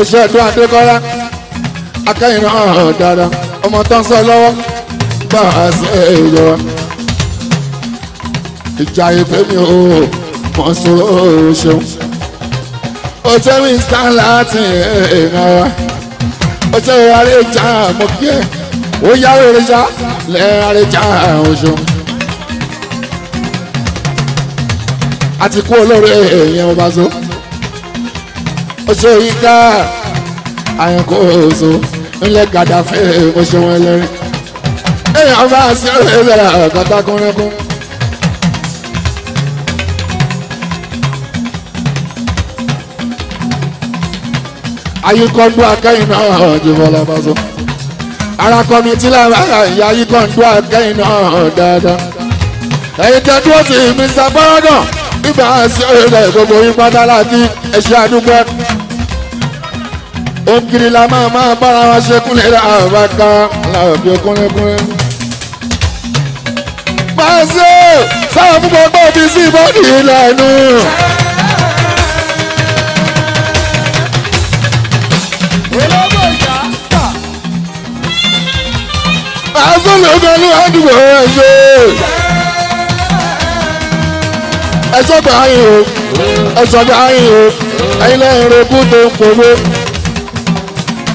oṣù ẹ̀dùn adékọ́lá akẹ́yìn náà hàn dáadáa ọmọ tó ń sọ lọ́wọ́ bá a ṣe yọ. ìjà ìpè mi ò mọ̀ sóò o ṣe mi sàn láti ìran wa o ṣe ìrarí ìjà mọ̀ kí ẹ o yára ìrìnsà lẹ́ẹ̀rẹ́ ìjà òṣùn. àti kú olóore èèyàn ọba so oṣù yíká oso, oṣù gadafe gàdáfẹ oṣù wọn lẹrin èèyàn bá sí ìbẹ̀rẹ̀ ọ̀kọ́tàkùnrinkún. ayíkọ́ndú akẹ́yìn náà ọ̀jẹ̀ bọ́lá ara kọ́mítì lára ìyá ayíkọ́ndú akẹ́yìn náà dáadáa. ẹ̀yin tẹ́ dúró sí Mr. bọ́ọ̀dọ̀ ibà sí ìbẹ̀rẹ̀ gbogbo yín pátá láti ẹ̀ṣẹ̀ àdúgbò ògiri la máa máa bára wa ṣe kúnlẹ̀ rà bá ká láàbí kúnlẹ̀kúnlẹ̀. pàṣẹ sáà mú gbogbo mi sí bọ́ọ̀dì ìlànà. pàṣẹ lọ́gọ́lù àdúgbò ẹ̀ṣọ́ ẹ̀ṣọ́ gbà yín o ẹ̀ṣọ́ gbà yín o ẹ̀yin lẹ́yìn rẹ̀ kú tó ń pòwé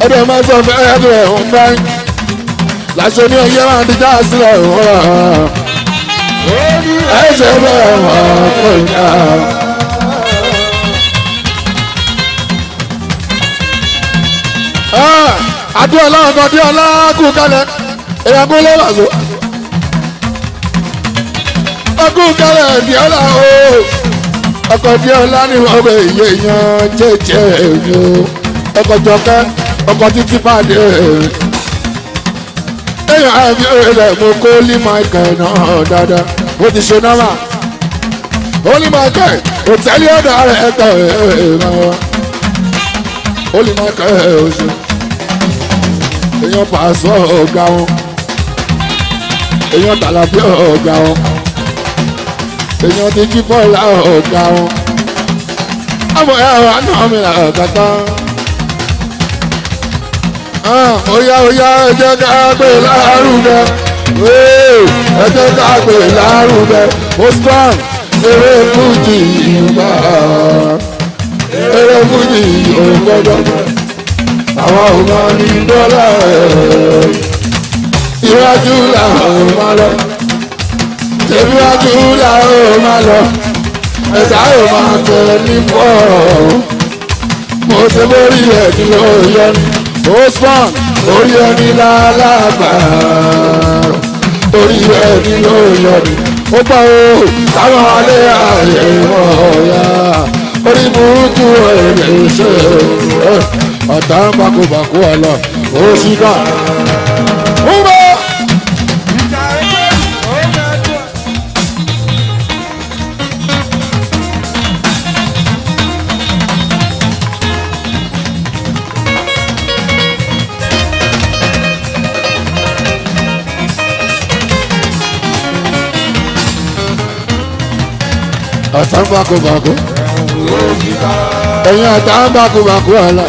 ẹ̀dẹ̀ máa sọ fẹ́ ẹ̀dẹ̀ ọ̀hún fẹ́ làṣọ ní ọyẹ́ máa di dáa sílẹ̀ ọ̀hún rà ẹ̀ṣẹ̀ bẹ́ẹ̀ wọ́n kò yá. àdúrà ah, ọlọ́run kan dé ọlá kú kalẹ̀ èèyàn kó lọ́wọ́ àzọ. ọkú kalẹ̀ ẹ̀dí ọlá o ọkọ̀ dé ọlá ni wọ́n bẹ ìyẹn yan jẹ́jẹ́ ẹ̀yọ́ ọkọ̀ jọkẹ́ ọkọ̀ títí pàdé èèyàn àbí ẹ̀rẹ̀ mo kó lí michael náà dáadáa ó ti ṣe nọ́mà ó lí michael kò tẹ́lẹ̀ ọ̀dọ̀ rẹ̀ ẹ̀tọ́ ẹ̀ẹ́dẹ́gbẹ̀rún ó lí michael ó ṣe èèyàn pàṣọ ọ̀gá wọn èèyàn tàlàfíà ọ̀gá wọn èèyàn ti jí bọ́ọ̀lù ọ̀gá wọn àmọ̀ ẹ̀ ọ̀hánà mi là ọ̀gá tán. Ah, oya oya ẹ jẹ́ ká gbé lárugẹ ẹ jẹ́ ká gbé lárugẹ ó strong eré fújì yorùbá eré fújì yorùbá àwa ò máa ní dọ́là ìwájú làwọn ò máa lọ ìwájú làwọn ò máa lọ ẹ̀dá ò máa tẹ̀ ní fọ́ọ̀ mo ṣe lórí ẹ̀dínlọ́ọ̀yọ́ni. Osman orí ẹni lálábàárọ̀ orí ẹni ló yọrí ó bá o táwọn alẹ́ ààyè wọn ọ̀yà orí burúkú èrè ṣe ọ̀tá ń bakobako ọ̀lọ́ òṣìkà. ọ̀tá ń bákòbákò. ẹ̀yin ọ̀tá ń bákòbákò ọ̀la.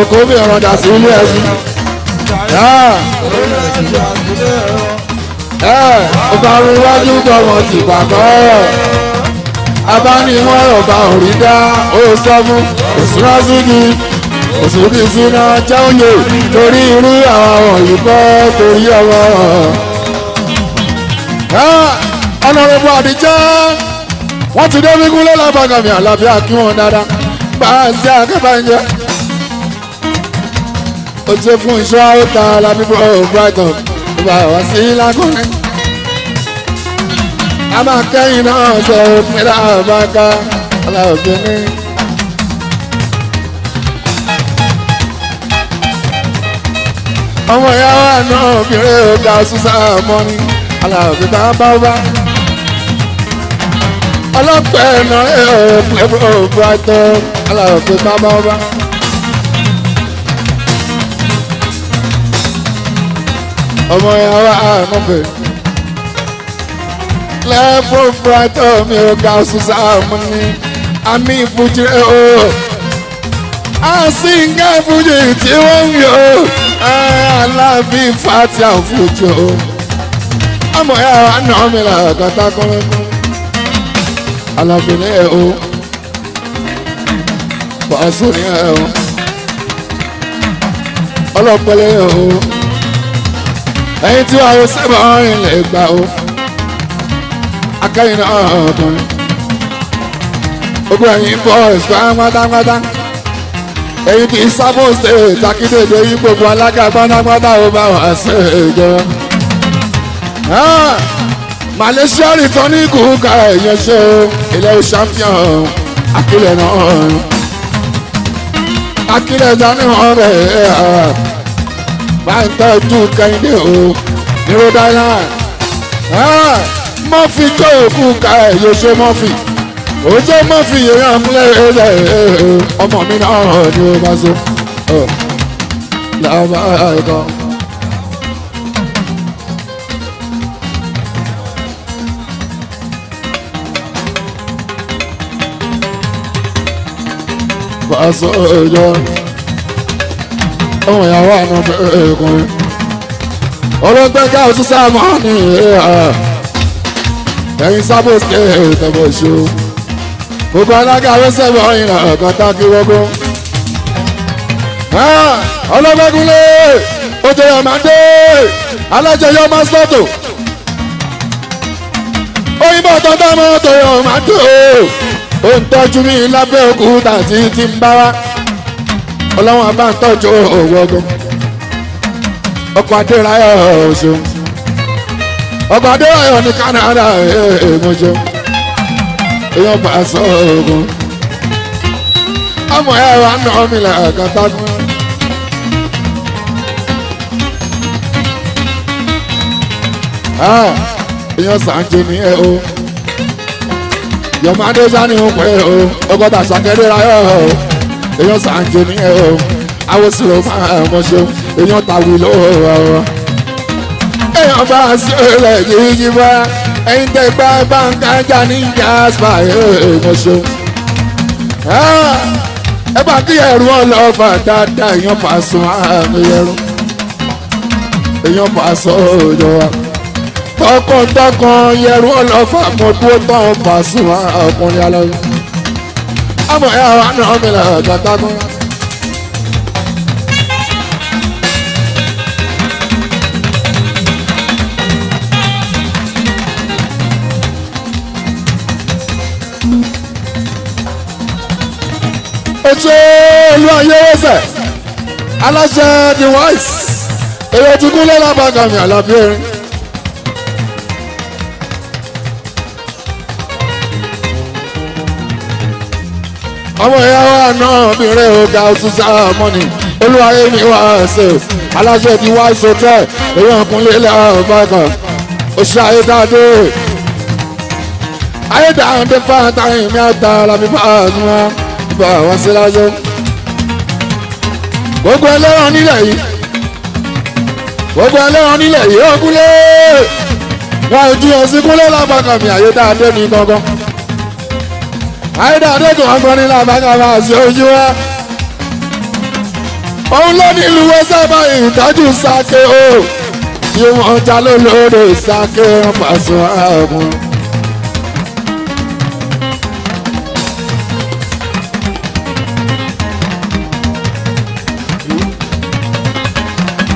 oko mi ọ̀rọ̀ dà sí ilé ẹ̀sìn. ọba rún iwájú tọmọ ti pàkọ́. abániwọ̀n ọba òrí dá ó sọ fún òṣùnà sígi òṣùnà síná jẹ́ torí irú àwọn òyìnbó torí ọmọ ọ̀nàrẹ́bù àbíjá wọ́n ti dé wíkúnlé lábàgàmì àlàbí àkíwọ̀n dáadáa gbà á sí akẹ́bàjẹ́ ó ṣe fún iṣẹ́ àwòtá alábíbọ̀ Brighton ìgbà wá sí lákùnrin a máa kẹ́yìn náà sọ òpinlẹ̀ àbáká alábìnrin. ọmọ ìyá wa náà obìnrin ò ga ṣùṣà mọ́ni alábìnrin bá bá bá ọlọ́pẹ́ ẹ̀nà ẹ̀ ọ̀pẹ́ ọ̀pẹ́ àtọ́ alárọ̀pẹ́ bábá ọba. ọmọ ìyá wa ànúbẹ̀ lẹ́fọ̀ fúratọ̀ mi ò ga sùsà mú ni a ní ìfújì rẹ̀ o a sì ń ká ìfújì tí wọ́n ń yọ alábí fati àfújì o ọmọ ìyá wa nà ọ́ mi là kọ́tà kọ́lẹ́kọ́. Àlàbí ni ẹ o Pàṣẹ ni o ọlọ́pẹ̀lẹ̀ ẹ o ẹ̀yin tí wàá yọ sẹ́bà ọ̀rìn lè gbà o akẹ́yìn náà ọ̀dọ́rin gbogbo ẹ̀yin boys pátápátá ẹ̀yin tí sábò ṣe takédédé yín gbogbo alága pátápátá ó bá wà sí ìjọba. Malaysia returning kúkà èèyàn ṣe ilẹ̀ o champion akílẹ̀ náà akílẹ̀ dání hàn rẹ̀ máa ń tọ́jú kẹ́hìndé o ní Rhode Island mọ́fì jó kúkà èèyàn ṣe mọ́fì ojú mọ́fì yẹn àmúlẹ̀ ẹ̀rẹ̀ ọmọ mi náà ni ó bá so làwọn ẹ̀kọ́. bá sọjọ́ eh, eh, ọmọ ìyàwó àná ẹ̀ẹ́kùnrin olóńtẹ́ká òṣìṣẹ́ àmọ́ni ẹ̀yìn sábò eh, ṣe ìtẹ̀bọ̀ ṣó gbogbo alága arẹ́sẹ̀bọ̀ ìrìn àkàn tákì wọ́gbọ́n ah, ọlọ́gbẹ́gunlé ojúyọ̀ máa dé alájọyọ̀ máa sọ́tò òyìnbó tó dá mọ́tò yọ̀ máa dé o ó ń tọ́jú mi lábẹ́ òkúta tí ti ń bá wá ọlọ́wọ́n bá ń tọ́jú owó ogun ọkọ̀ adérayọ̀ ọ̀ṣun ọkọ̀ adérayọ̀ ní Canada èèmọ̀ṣẹ́ eh, eh, èèyàn bá sọ ogun ọmọ ẹ wa nà mí lẹ́ẹ̀kan tágùn. Ah, èèyàn sàǹjẹ̀ ní ẹ o yọ̀mádé sani ń pẹ́ o ọgọ́ta sàkẹ́dẹ́ra yọ̀ o èèyàn sàǹjẹ́ ní ẹ̀ o awosoro máa mọ̀ ṣe èèyàn tàwí lọ́wọ́ èèyàn bá a sí ilẹ̀ yìí yí wá ẹ̀yin tẹ́ gbá báńkà jà ní yaspa èèyàn ṣe. ẹ bá kí ẹ̀rù ọlọ́fà dáadáa èèyàn pàṣẹ àmì ẹ̀rù èèyàn pàṣẹ òjò wa tọkàntọkàn yẹrù ọlọ́fà mo dúró tán Pasuma ọkùnrin alọ́yọ̀ àmọ̀ ẹ̀ àwọn àna ọmọ ìlànà àjàtàkùn. ètò olú ayéwẹsẹ aláṣẹ the voice èrò tí kúnlẹ̀ lábàgàmì àlàbí erin. ọmọ ìyá wa náà obìnrin ọ̀gá ọ̀ṣunṣà mọ́ni olúwarẹ̀ mi wá ṣe aláṣẹ ti wá sọtẹ́ èèyàn kúnlẹ̀ lẹ́ọ̀bàkàn oṣù ayédáadé ayédáadé fáta ìmí àtà làbí fáàtúmọ̀ bá wá sí lásán. gbogbo ẹlẹ́wọ̀n nílẹ̀ yìí gbogbo ẹlẹ́wọ̀n nílẹ̀ yìí ó kúlẹ̀ wọ́n ojú ẹ̀sìn kúlẹ̀ lágbàkànmí ayédáadé ní gbọ̀ngàn àìdá adékun akọrin làbákàbà àti ojú wa òun ló ní ìlú wọ́sàbà ìdájú sáké o yóò ọjà ló lóore sáké pàṣẹ àwọn.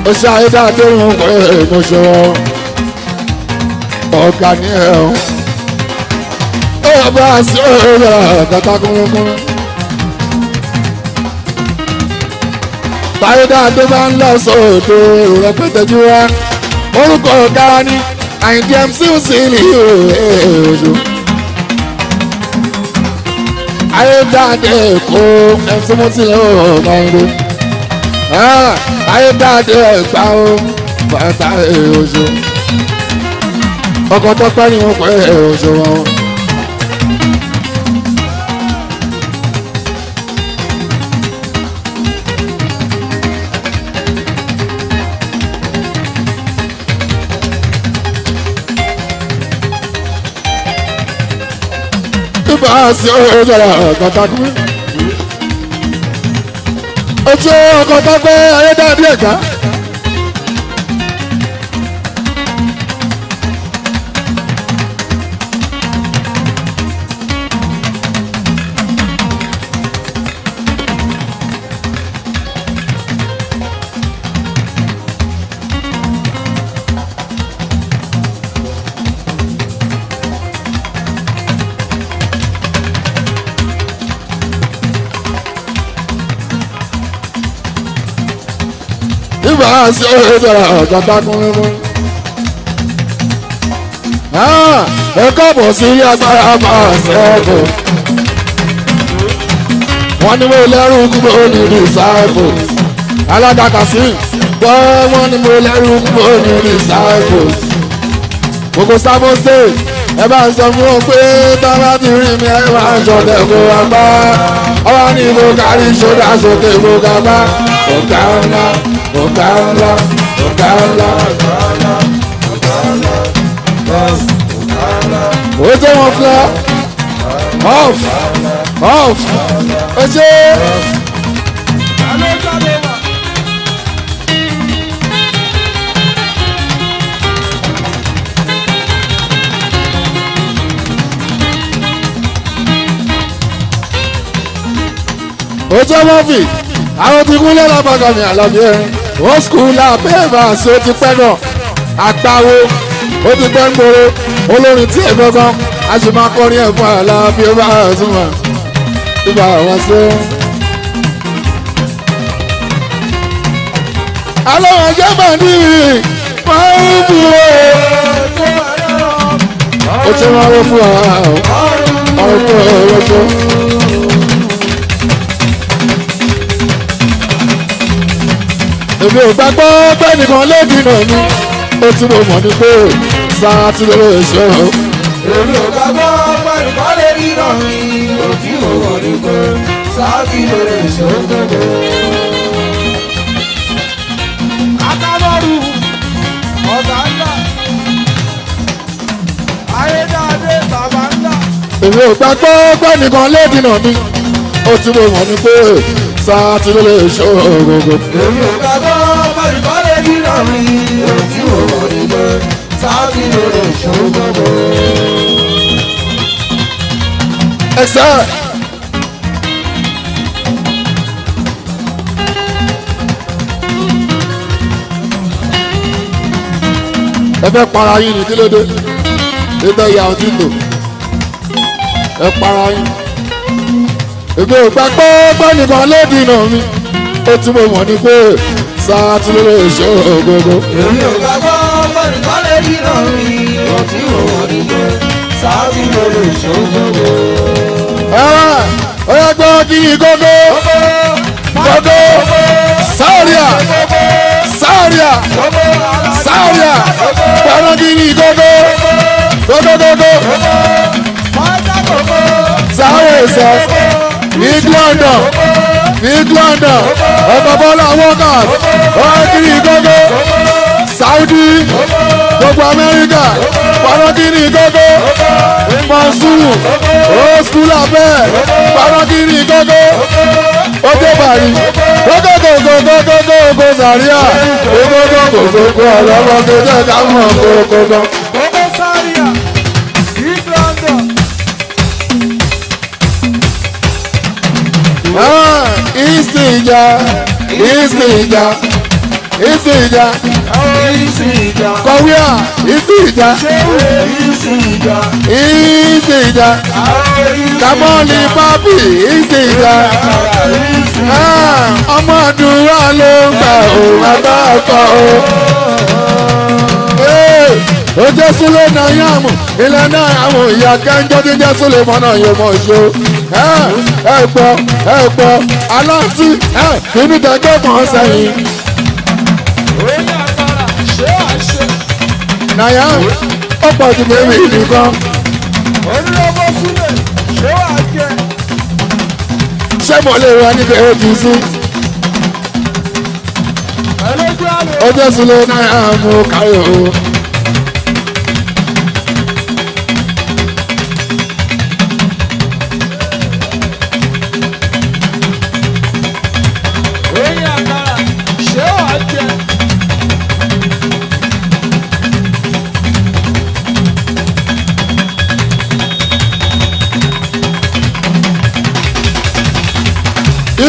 ó ṣe àìdá tó ń pè é mo ṣe ọ̀gá ní ẹ̀hún ọba sọ̀rọ̀ kàkà kúrúkúrú. Táyọ̀dá tó bá ń lọ sóòtò rẹpẹtẹ jù wá. Orúkọ ọ̀gá ni Àyìndé MC Wusili òjò. Ayédáadé kó MC Wusili ọ̀gá ah, ìlú. Ayédáadé ẹ̀gbá o bàtà òjò. Ọkọ̀ tọ́pẹ́ ni wọ́n pẹ́ òjò wọn. bàásì ọ̀rọ̀ ìjọra àgbàtàkú. ojú ọkọ̀ tó gbé ayédáadé ẹ̀gá. sí ọ̀rẹ́ ìjọra ọ̀jọ̀gbá kúnlẹ̀ mọ́. Ah, ẹ káàbọ̀ sí ilé agbára máa sẹ́ẹ̀kọ̀. wọ́n ní mo lẹ́rù kúrò ní rìsáàkù. aládàkà sí gbọ́ wọ́n ní mo lẹ́rù kúrò ní rìsáàkù. gbogbo sábó ṣe ẹ bá ń sọ fún ọ pé tábà ti rí mi ẹ máa ń jọ̀dẹ̀ kó wa gbá. ọwọ́ ni mo kárí ṣọ́dá sókè mo ga bá ọ̀gá ńlá ọ̀gá ńlá ọ̀gá ńlá ọ̀gá ńlá ọ̀gá ńlá yes ọ̀gá ńlá. ó jẹ́ wọn fúlá off off ó jẹ́. ojú ọmọ fi àwọn tí kú lẹ́la bàgàmì àlàbí ẹ̀rín old school abẹ́ẹ̀màṣe o ti pẹ́ náà o ti pẹ́ ń gbòòrò olórin tí ẹ̀ gbọ́ngàn a sì máa kọrin ẹ̀ fún àlà bí ó bá sùn wà nígbà wọn ṣe. aláwọ̀ ẹ̀jẹ̀ máa ní máa ń bù ti máa wọ fún wa ọ̀rọ̀ tó ọ̀rọ̀ tó. èmi ò gbàgbọ́ pé nìkan lẹ́gbìnà mi ó tún mo mọ̀ ní pé sáà tí lè ṣòro. èmi ò gbàgbọ́ pé nìkan lẹ́gbìnà mi ó tún mo mọ̀ ní pé sáà tí lè ṣòro. akábọ̀rù ọ̀gá ńlá ayédáadé bàbá ńlá. èmi ò gbàgbọ́ pé nìkan lẹ́gbìnà mi ó tún mo mọ̀ ní pé sáà tí lè ṣòro. èmi ò gbàgbọ́ rí ojú orí mọ́ sáàkì lórí ìṣòro mọ́. ẹ sẹ́ẹ̀. ẹ fẹ́ para yín ní kílódé ẹgbẹ́ ìyá ọdún tó ẹ para yín. èmi ò pé gbọ́nìkan ló dìnnà mi ó tún mọ̀ ní pé sáà tún lè ṣe ògógó. èmi ò gbàgbọ́ bọ́dùkọ́ lè ríran mi ọtí òwò dìbò sáà tún lè ṣe ògógó. ó yẹ gbọ́ kí ni gógó gógó sáàríà sáàríà sáàríà gbọ́dọ̀ kí ni gógó gógó gógó. sáwẹ̀ sọ ní London ní London ọmọ bọ́lá wọ́kàt ọ́ẹ́kiri gógó Saudi gbogbo Amẹ́ríkà parọ́kìnì gógó mọ̀nsúrù òskúlà bẹ́ẹ̀ parọ́kìnì gógó ojébàrí gógógógógógógó sàríà gógógógógógó ọlọ́wọ́ gẹ́gẹ́ káwọn gógógó. Ah! ìsìnjà ìsìnjà ìsìnjà kọ̀wéà ìsìnjà ìsìnjà kàmọ́lì pápì ìsìnjà ah, ọmọ àdúrà ló ń gbà ó bàbá ọkọ ó ó jẹ́ súlé náà yá mọ̀ ilẹ̀ náà àwọn ìyá kẹ́ńjọ́ tó jẹ́ súlé mọ́nà yóò mọ̀ ṣó ah, ẹ aláǹtí ẹ̀ kínní tẹ̀gbẹ́ kan sẹ́yìn. nàyà ó pọ̀ jù bẹ́ẹ̀ mi nìkan. onílọ́gbọ́n sílẹ̀ ṣé wàá jẹ. ṣé mo lè ra níbi èébì sí. ó jẹ́ sílẹ̀ náírà mú káyọ̀ o.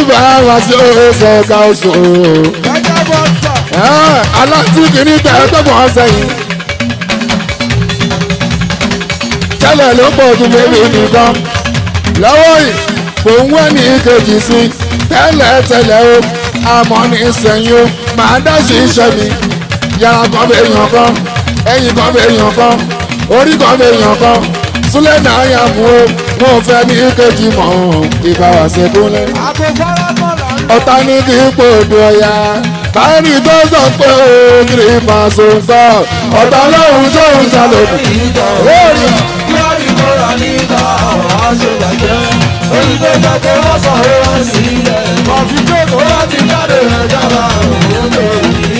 bá wa ṣe oṣù ká oṣù. alátìkì ní tẹ́tọ́gbọ̀n sẹ́yìn. tẹ́lẹ̀ ló pọ̀ ju bébí nìkan. lọ́wọ́ yìí kò ń wẹ́ ní kejì sí tẹ́lẹ̀ tẹ́lẹ̀ o àmọ́ ní sẹ́yìn o màá dá sí iṣẹ́ mi. yàrá kan bẹ èèyàn kan ẹ̀yìn kan bẹ èèyàn kan orí kan bẹ èèyàn kan súlẹ̀ náà yà mú o mo fẹ́ ní kejì mọ́ ìbáwá ṣe kúnlẹ̀ ọ̀tá ní kí gbòdò ọ̀yà báyìí tó sọ pé o kiri máa so ń sọ ọ̀tá lóhùn tó ń ṣàlòkù. lórí kíláàdì tó rà níta àwọn aṣèjàjẹ́ oyinbo jẹ́jẹ́ wọ́n sọ̀rọ̀ wọn sílẹ̀ kọ̀fí pé kò láti jáde rẹ̀ jábà òun tó yẹ.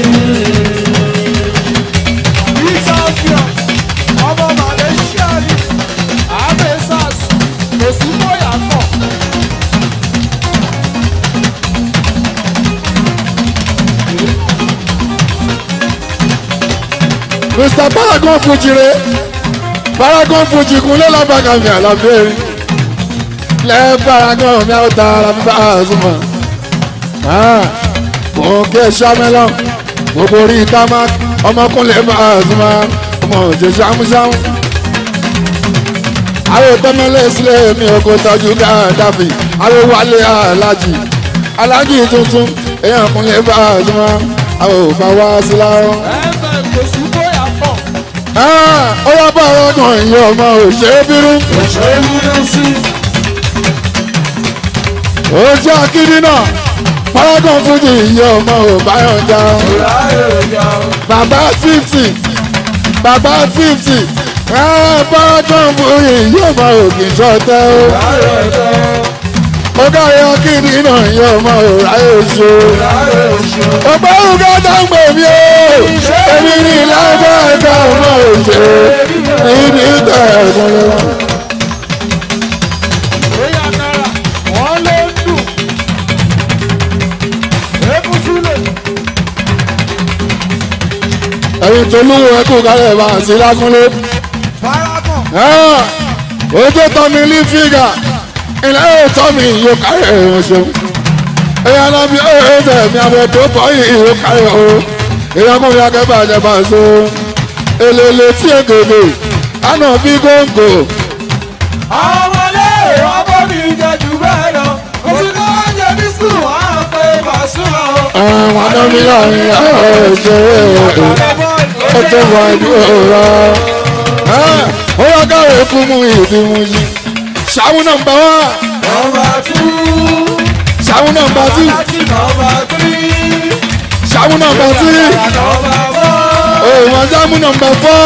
ọ̀dà paragon fojì re paragon fojì kun ló lábàgà mi àlàbẹ́rẹ́ lẹ́ paragon mi àwọn tààrà mi bá àzùmọ̀ mò ń ké sàmẹ́lọ́ mo borí tamak ọmọkùnrin mi je ọmọ òjò sàmúsàmú. àwọn tẹ́mẹ́lẹ́ sílẹ̀ mi ò kò tọ́jú káàdáfì àwọn wálé alájì alájì tuntun èèyàn kùnlé bá àzùmọ̀ àwọn ò bá wá sí lárọ́. Ah, ó wá bá ọmọ ìyá ọmọ òṣèré bírú. òṣèré bírú sí. ojú akíní náà paragon fújì ìyá ọmọ òbáyọjà. bàbá fifty bàbá fifty ah, paragon fújì ìyá ọmọ òkè sọtẹ o ọgá rẹ ọkì ní iná ìyá ọmọ òráyè oṣù ọgbà ògá dáńgbò mi ó èmi ní ìlànà ẹgbẹ ọmọ òṣè níbi ìtẹ ẹgbẹ. ẹ̀yin tó lówó ẹkú kálẹ̀ bá àti lákúnlé. ó tó ah, tọ́ mi ní fígà ilẹ̀ yóò tọ́ mi yóò kárí ẹ̀rọ ṣeun ẹ̀yà náà mi ó ẹ̀ tẹ̀ mi àbẹ̀ tó bọ́ yìí yóò kárí o ìyàkùnrin akẹ́bà jẹ́ bá ń so èlèlè tí ègèdè àná bí góńgò. àwọn ọmọlé ọmọ mi jẹ jù bẹ́ẹ̀ lọ kò sí kó wá jẹ bí sùn àwọn pé bàṣúrò. àwọn ọmọ mi láàrin àwọn ìṣòro ọjọ́ wa ìlú ọ̀rọ̀ ó yọ káwé kú mú ìdí mú yìí ṣàwọn nọ́mbà wá. nọ́mbà tú. ṣàwọn nọ́mbà tí. nọ́mbà tí. ṣàwọn nọ́mbà tí. nọ́mbà wá. òmọ̀jámú nọ́mbà fọ́.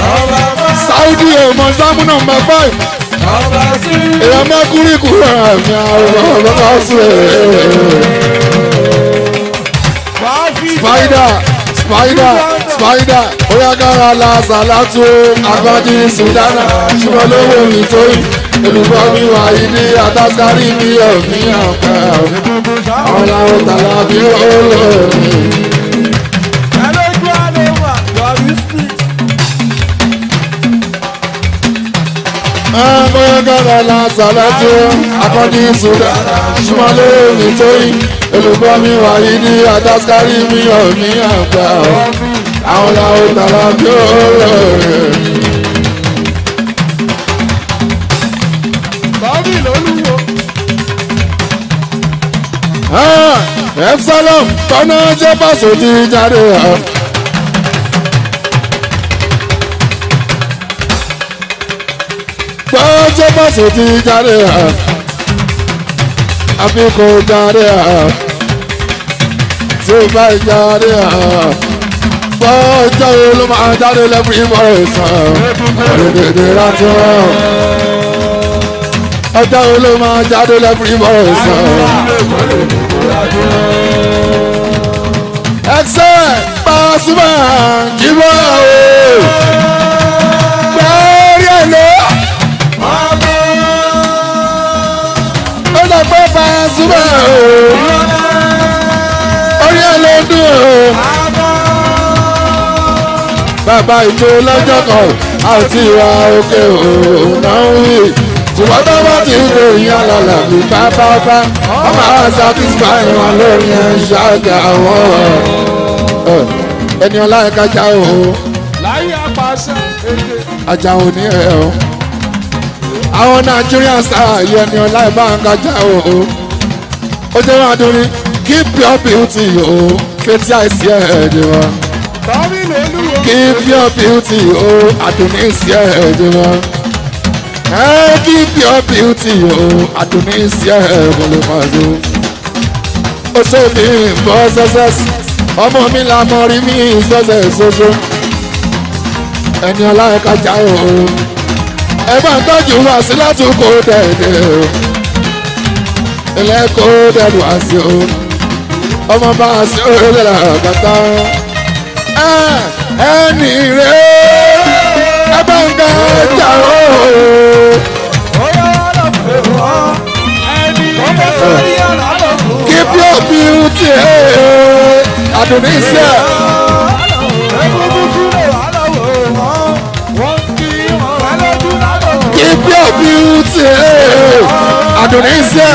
nọ́mbà wá. Saudi òmọ̀jámú oh, nọ́mbà five. nọ́mbà sí. èèyàn mẹ́kúrì kúrò àmì àwọn ọmọ bá sùn spider spider spider oyagara la salatu abadi sudana ṣùgbọ́n lówó nítorí olùkọ́ mi wà ilé àtàkárí mi òfin àpá ọ̀la ọ̀tàlà mi ó lọ mi. ọmọ gánà lásàlẹ̀ tó akọ́ni ìṣúra ṣùmọ́lé mi tó yín olùkọ́ mi wà ilé àtàkárí mi òfin àpá ọ̀la ọ̀tàlà mi ó lọ mi. Absalom tọ́nà jẹ́ pàṣẹ ti jáde hàn. Gbọ́jẹ́ pàṣẹ ti jáde hàn. Àbíkò jáde hàn. Ṣùgbọ́n ìjáde hàn. Gbọ́jẹ́ ló máa jáde ìmọ̀ ẹ̀sán. Ọ̀rẹ́dẹ̀dẹ̀ láti rán ọjọ́ wo ló máa jáde lẹ́kùnrin bọ̀ ọ̀sán. ẹ̀sẹ̀ Pasuma jíbọ̀ o. gbẹ́rí ẹ̀ lọ. ó lọ pé Pasuma o. orí ẹ̀ ló dùn o. bàbá ìjọ lọ́jọ́ kan àti ìwà òkè òun náà ń wí ṣùgbọ́n tó bá ti lè yan lọ́la mi pápápá wọ́n máa satisfy wọn lórí ẹ̀ṣáàgà wọn. ẹni ọlá ẹ̀ka já o. láyé apàṣẹ èdè. ajá ò ní ẹ o. àwọn Nigerian star yẹ ẹni ọlá ẹ̀ bá ń kájà o. ó jẹ́ wọn adúrí keep your beauty o fetí àìsí ẹ̀ ẹ̀ ni wọn. keep your beauty o àdùnní sí ẹ̀ ẹ̀ ni wọn. Heavy your beauty o, Adonisia Bolomazo. Ó ṣe mi bọ́ sẹ́sẹ́sì, ọmọ mi là mọ rí mi sẹ́sẹ̀ ṣoṣo. Ẹni ọlá ẹ̀ka já o. Ẹ máa tọ́jú wá sí láti kó dẹ̀dẹ̀ o. Ilé kó dẹ̀dù wá sí o. Ọmọ bá a sí orílẹ̀ àgbàtà. Ẹ ẹni rèé ẹ bá ń gbẹ jà ó. Keep your beauty, eh. Adonisia. Keep your beauty, eh. Adonisia.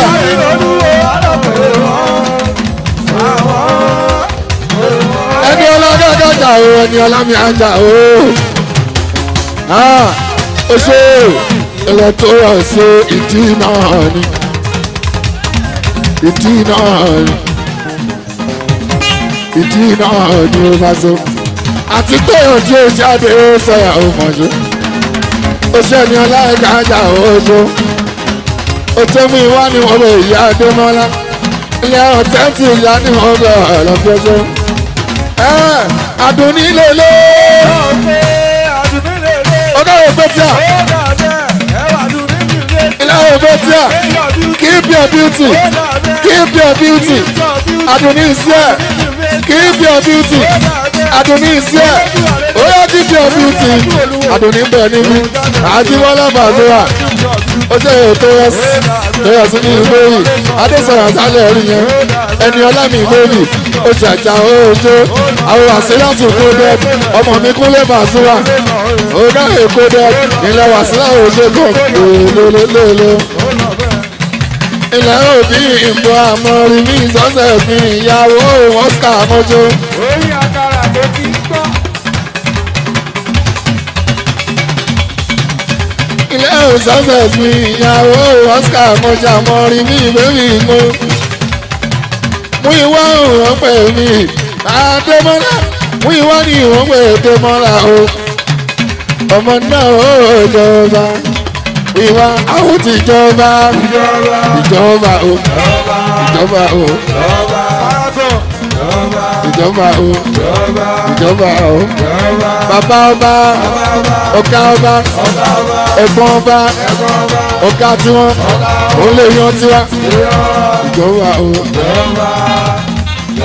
ẹni ọlọ́dọ́dọ́ jà o ẹni ọlámi àjà o ẹ ah, ṣe ẹ̀rọ tó rà ṣe ìdí náà ni ìdí náà ni ìdí náà ni ó bá so àti pé òjì ìjáde ó sọ̀yà ó mọ̀jú oṣù ni ọláìka ajá oṣù oṣù mi wá ní wọn lè yá adémọlá ilé ọ̀tẹ́ǹtì ìyá ní wọn lọ ọ̀lọ́fẹ́fẹ́ ẹ adùn nílé lóòótọ́. Ọlọ́run Bethia. Ìlàwọ̀ Keep your beauty. Keep your beauty. Adùnní iṣẹ́. Keep your beauty. Adùnní iṣẹ́. Oya keep your beauty. Adùnní bẹ̀ níbi. Àjíwọ́lá Bàdúrà. Ó jẹ́ ètò ẹ̀sìn. Tó yẹ sí ní ìgbéyìí. Adésọ̀rọ̀ àtàlẹ̀ rí yẹn. Ẹni ọlá mi ìgbéyìí ó jàjà ojo àwọn Wasila tún kó dẹ ọmọ mi Kúnlé Bàsúrà ọgá èkó dẹ ilẹ̀ Wasila ojo gan lélẹ́lẹ́lẹ́ ilẹ̀ òbí ìbò àmọ́rí ní ìsọ́sẹ̀ mi ìyàwó Oscar mọ́jọ́. orí àkàrà tó ti ń gbọ́. ilé ìsọ́sẹ̀ mi ìyàwó Oscar mọ́jọ́ àmọ́rí ní ìbéèrè ìgbó. We We We want want want. to you mú ìwọ òun pè mí àdèmọ́lá mú ìwọ ni òun pè dèmọ́lá o ọmọ náà ó jọba ìwà àwọn ti jọba ìjọba o ìjọba o ìjọba o ìjọba o bàbá ọba ọ̀gá ọba ẹ̀gbọ́n ọba ọ̀gá tiwọn òun lè yan tiwa ìjọba o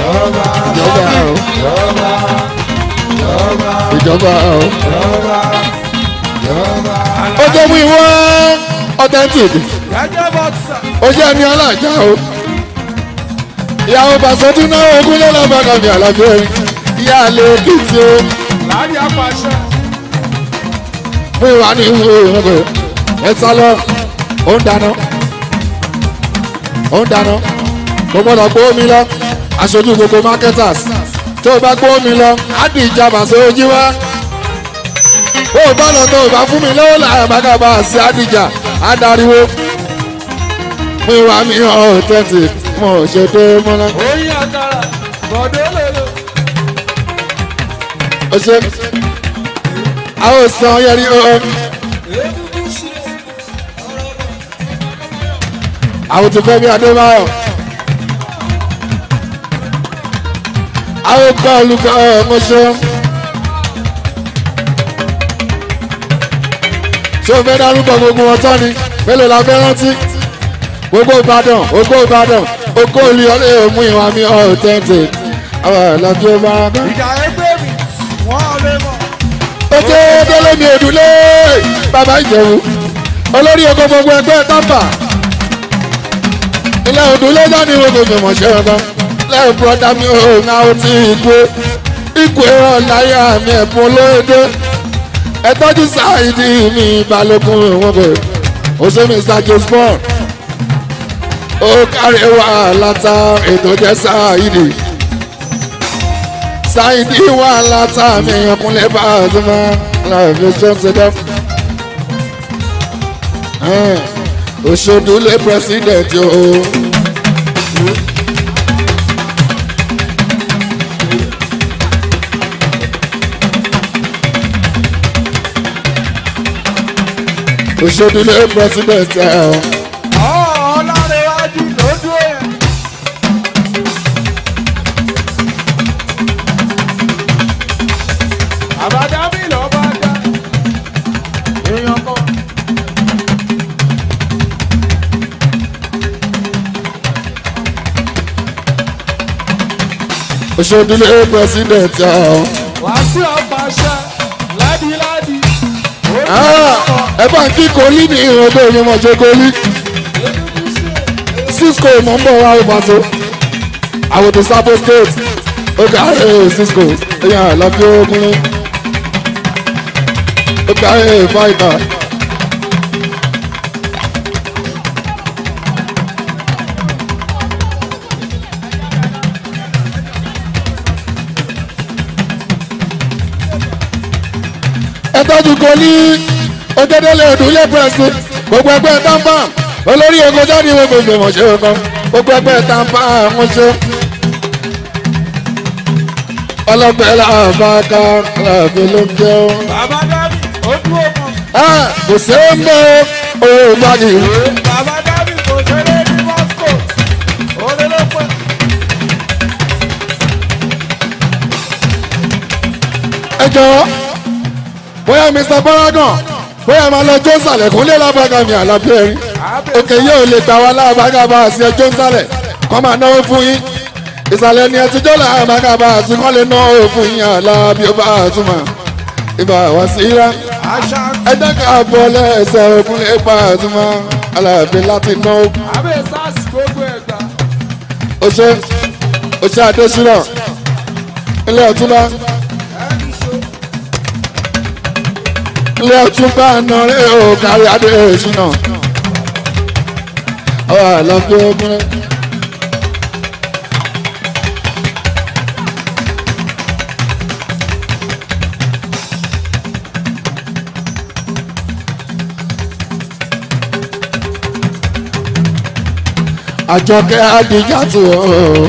ìjọba o ìjọba o. ó jẹ́ mú ìwọ́ authentic ó jẹ́ mi alájà o ìyàwó pàṣẹ tún náà ogún lọ́la bàkà mi àlàjọ ẹ̀ ìyá àlè èkìtì o. mo wà ní ìwé ìwé ẹ sá lọ ó ń dáná ó ń dáná mo gbọ́dọ̀ gbó omi lọ aṣojú gbogbo marketers tó o bá gbọ́ mi lọ á dì ìjàmbá sójú wá ó bá lọ tó o bá fún mi lọ́wọ́ làbàgàbà àti àdìjà adariwo mi wà mí ọ̀ tẹ́tì mo ṣe dé mọ́lá. oyin àkàrà bọ̀dọ̀ lòlò. o ṣe a ó san yẹri o. àwọn ti fẹ́ bí adébáyọ̀. àwọn gbà olùkọ́ ọmọṣọ́. ṣé o fẹ́ dárúkọ gbogbo wọn tán ni mélòó la fẹ́ rántí gbogbo Ìbàdàn gbogbo Ìbàdàn ogó olè ọlẹ́ òmù ìwà mi authentic àwọn ọ̀làjú ọba ọba. ìjà ẹgbẹ́ mi wọ́n lè mọ̀. ojú délé mi òdúlé bàbá Ìjẹ̀bú olórí ogun gbogbo ẹgbẹ́ tábà ilé òdúlé dání gbogbo ìgbìmọ̀ ṣẹ́ ọba lẹ́ bọ́dá mi ò ná ó ti gbé ikú ẹ̀rọ láyà mi ẹ̀bùn olóyèdè ẹ tọ́jú sáìdì mi balógun ìwọ̀n bẹ̀ oṣù mr josport ó kárí wà látà ètò jẹ́ sáìdì sáìdì wà látà mi ìyànkúnlẹ̀ bá a tó máa láàbí tó ń ṣe president o. Oh. òṣèdílé president ẹ̀ ọ́. ọlọ́rẹ̀wájú ló dúró. àbájáde lọ́ba dá èèyàn kan. òṣèdílé president ẹ̀ ọ́. wàásù ọ̀pá ṣá ládìládì ó ní ọkọ̀ ẹ bá ń kí kọ́lí ní ìhàn bẹ́ẹ̀ ni wọ́n ṣe kọ́lí cisco mọ̀ ń bọ̀ wá ìbàdàn àwòtò sábò state oge ààrẹ cisco ẹ̀yà àlàfíà ogunrin oge ààrẹ fáìtà. ẹ tọ́jú kọ́lí. Ògèdèlè Òdùlé pẹ̀sì gbogbo ẹgbẹ́ tampam olórí ogun jáde wo gbogbo ìmọ̀ṣẹ́ kan gbogbo ẹgbẹ́ tampam ṣe. ọlọ́gbẹ́ làbá ká làbí ló ń jẹ́ o. bàbá dábì ó dúró kan. ẹ kò ṣe é mọ owó ìbàdí. bàbá dábì kò ṣe é ní moscow olólùpẹ̀. ẹ jọ̀wọ́ bóyá Mr. Paragon bóyá máa lọ jónsàlẹ̀ kó lé lábàgà mi àlàbí ẹ̀rín òkè yóò lè gbà wá lábàgà bá a sí ẹ jónsàlẹ̀ kọ́ máa náwó fún yín ìsàlẹ̀ ni ẹ ti jọ́ lábàgà bá a sí kọ́ lè náwó fún yín àlàbí ó bá a túmọ̀ ìbá wa sí rá ẹ dákà bọ́ lẹ́sẹ̀ ogun lè bá a túmọ̀ àlàbí láti náwó. òṣè òṣè àdéṣúná ilé ọ̀túnbá. ilé ọtún bá nà rẹ o kárí adé ìṣúná ọ̀rọ̀ àlọ́gbé ogun. àjọkẹ́ adìjàtù ooo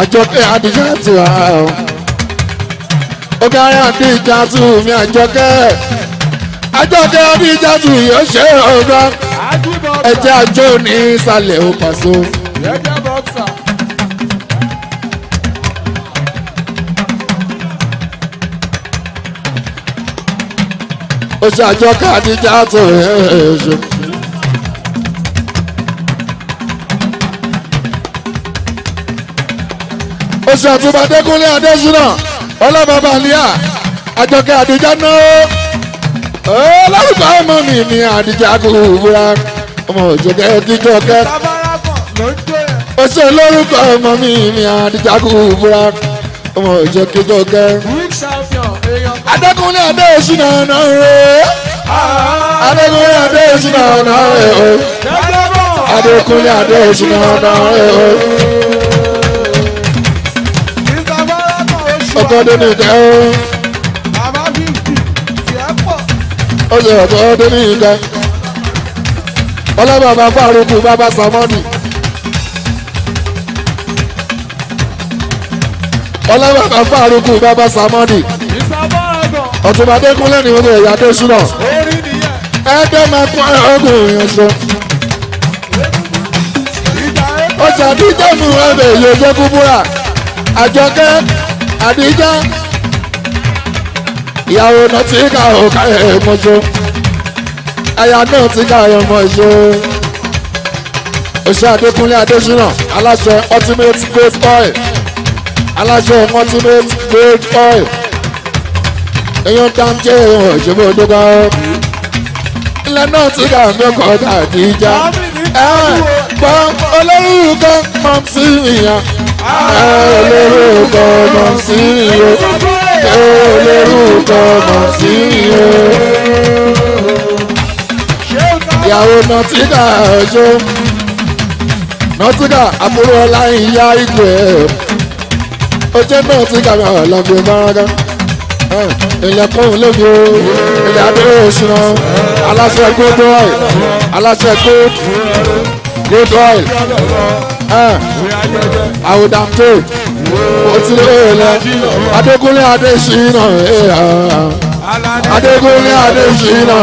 àjọkẹ́ adìjàtù ooo ó kẹ́rẹ́ àti ìjàtù mi àjọkẹ́ àjọkẹ́ àti ìjàtù yóò ṣe ọ̀gá ẹ̀jẹ̀ àjò ní ìsàlẹ̀ ó pàṣọ. ó ṣe àjọkẹ́ àti ìjàtù yóò ó ṣe àtúbàdékúnlé adésínà ọlọ́bàbà àlíyà àjọkẹ́ àdìjá náà ọlọ́rùkọ ọmọ mi ni àdìjá kò wúra ọmọ òjòkẹ́ kíjọkẹ́ oṣù olórúkọ ọmọ mi ni àdìjá kò wúra ọmọ òjòkẹ́ kíjọkẹ́ adékúnlé adéoṣù náà náà rẹ̀ adékúnlé adéoṣù náà náà rẹ̀ o adékúnlé adéoṣù náà náà rẹ̀ o. ọkọ dẹni ìjà ó. ó ṣe ọkọ dẹni ìjà. ọlọ́mọ bàbá àrùkù bàbá sàmọ́nì. ọlọ́mọ bàbá àrùkù bàbá sàmọ́nì. ọ̀túnba dẹ́kunlé ni wọ́n ẹ̀yà dé ṣúná. ẹgbẹ́ máa kọ́ ọgùn ìrìnàjò. ọjà dídẹ́mu ẹ̀bẹ̀ yóò jẹ́ kúbúrà. àjọkẹ́ àdíjá ìyàwó náà ti ká òkà ẹ̀mọ́jọ́ aya náà ti ká ẹ̀mọ́jọ́ òṣè Adékúnlé Adésínà aláṣẹ ultimate great oil aláṣẹ ultimate gold oil èèyàn dáńjẹ́ èèyàn òṣèlú ọdọ́gba ilẹ̀ náà ti ká ẹ̀mọ́kọ̀ọ́ àdíjá ẹ̀ gbọ́ olórúkọ mọ́tì ìyàn olórúkọ mọ̀ sí iye olórúkọ mọ̀ sí iye. ìyàwó nọtíkà ọjọ́ nọtíkà àbúrò ọlá ìyá ìgbẹ́ ọjọ́ nọtíkà ọ̀làgbé gbáradá ilẹ̀kùn lóbi o ilẹ̀ abẹ́rẹ́ òṣùnà aláṣẹ gold oil aláṣẹ gold gold oil àwòdàpé òtílélẹ adékúnlé adésínà eh, ah. adékúnlé adésínà.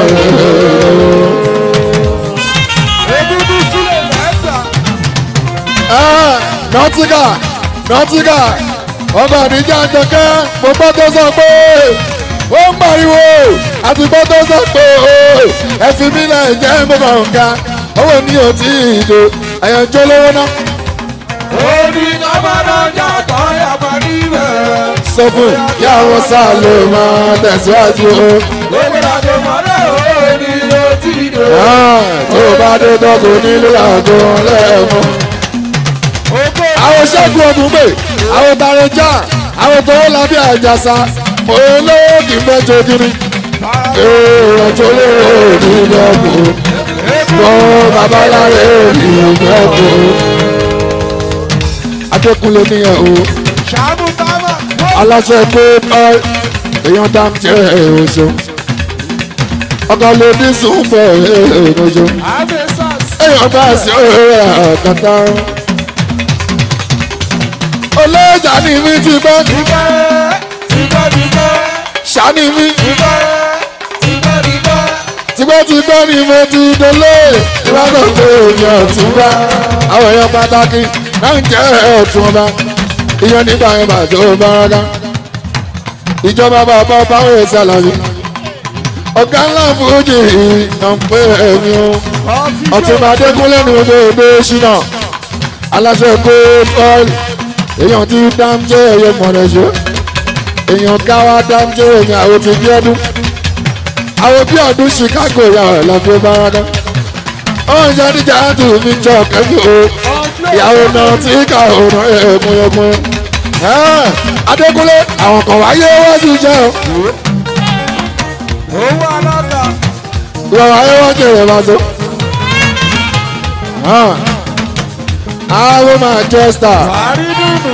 nọtíkà eh, oh. ah, nọtíkà ọba àdìjà àjọkẹ́ mo gbọ́ tó sọ pé ó ń pariwo àti gbọ́ tó sọ pé oh, ẹ fi mí lẹ̀ jẹ́ mo bá ń ga owó mi ò tí ì do àyànjọ́ lówó náà. Omi tọ́mọdọ́jà tọ́ yàgbọ́ níbẹ̀. Sọ fún kí àwọn sálọ máa tẹ̀síwájú o. Olùdàgbò mọ́lẹ̀ òní ló ti dò. Tó o bá dé dọ́gbò nílé àgbo lẹ́ẹ̀mú. Àwọn ṣẹ́gun ògùnbè, àwọn Bàrẹ̀jà, àwọn Tọ́wọ́lábí Àjàsà, olówó kì í mẹ́jọ kiri. Èrò tó lè rò ní lọ́gbò. Mọ babaláre ní lọ́gbò. Adékúnlé níyẹn o. ṣàánú bàbá. aláṣẹ pé ẹ èèyàn dáńtì ẹ ẹ ò ṣeun. ọkọ lè ní sùnfọ̀ ẹ ẹ ò ṣeun. èèyàn bá a ṣe ẹ ẹ kàtà. olóòjà ni mi ti bọ́. ti bọ́ ti bọ́ ti bọ́. ṣàánú mi. ti bọ́ ti bọ́ ti bọ́ tipẹ́tipẹ́ ni mo ti délé ìbátan pé òní ọ̀túnba àwọn èèyàn pàtàkì láǹjẹ́ ọ̀tún ọba iyán nígbà yẹn bàjẹ́ ọba rárá ìjọba bàbá báwọn èsì àlàyé ọ̀gá ńlá fújì ìtànpẹ́ ẹ̀mí o ọ̀túnba adékúnlé ní ojú èdè ṣínà aláṣẹ kó ọ́ọ̀lù èèyàn ti dáńjẹ́ ẹ̀yẹ mọ̀rẹ̀ṣẹ́ èèyàn káwá dáńjẹ́ ẹ̀yìn àwọn ti bí ọdún àwọn bí ọdún Chicago yà ọ̀ lọ́gbẹ́ báradá ó ń yọ níjà á tù mí o ìyàwó náà tí ká òòrùn ẹ̀ẹ̀kùn ẹ̀kùn Adékúnlé àwọn kan wáyé wájú jẹ́ o. owó alága. ìwà wáyé wájú rẹ̀ máa tó. àwọn máa jẹ́ star. wàárí dùnú.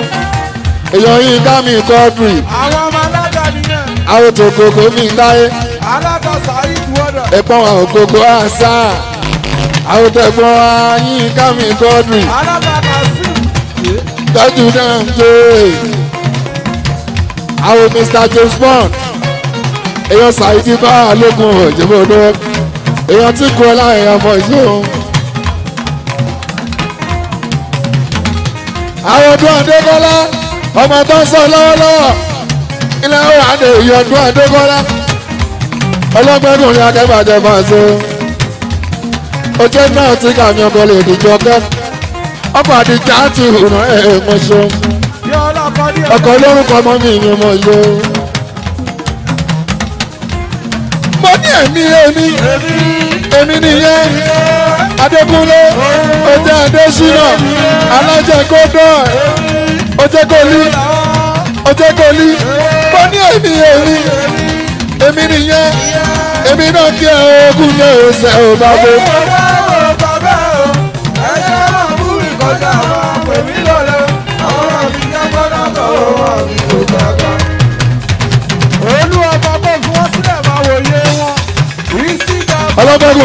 èèyàn yìí ká mi kọ́ọ̀dùrì. àwọn ọmọ alága nìyẹn. àwọn tó kókó mi ń dáyé. alága sáré ìwọ́dọ̀. ẹ̀pọ̀n àwọn kókó àṣà àwọn tẹ̀gbọ́n ayín ká mi kọ́ọ̀dùrì. alága tọ́jú náà ń jó àwọn Mr James Bond èèyàn ṣàìdí bá lókun òjòbó lọ́wọ́ èèyàn tí kú ọlá èèyàn ọmọ ìṣó. àwọn ọdún Adébọ́lá ọmọ tó ń sọ lọ́wọ́lọ́wọ́ ilé ọ̀rọ̀ àdé ìyọ̀ ọdún Adébọ́lá ọlọ́gbẹ́dùn ní akẹ́bàjẹ́ máa ṣe. ojú náà ti kàmí ọkọ lè dìjọ kẹ́kọ̀ọ́ ọkọ̀ àdìjà ti hùnà ẹ̀ mọ̀ ṣeun ọkọ̀ olórúkọ ọmọ mi ni mo yọ. mo ní èmi èmi èmi nìyẹn Adékúnlé ó jẹ́ Adésínà alájẹ kódọ̀ ó jẹ́ kólí ó jẹ́ kólí mo ní èmi èmi èmi nìyẹn èmi náà kí ẹ ogún náà ṣe ò bá gbé.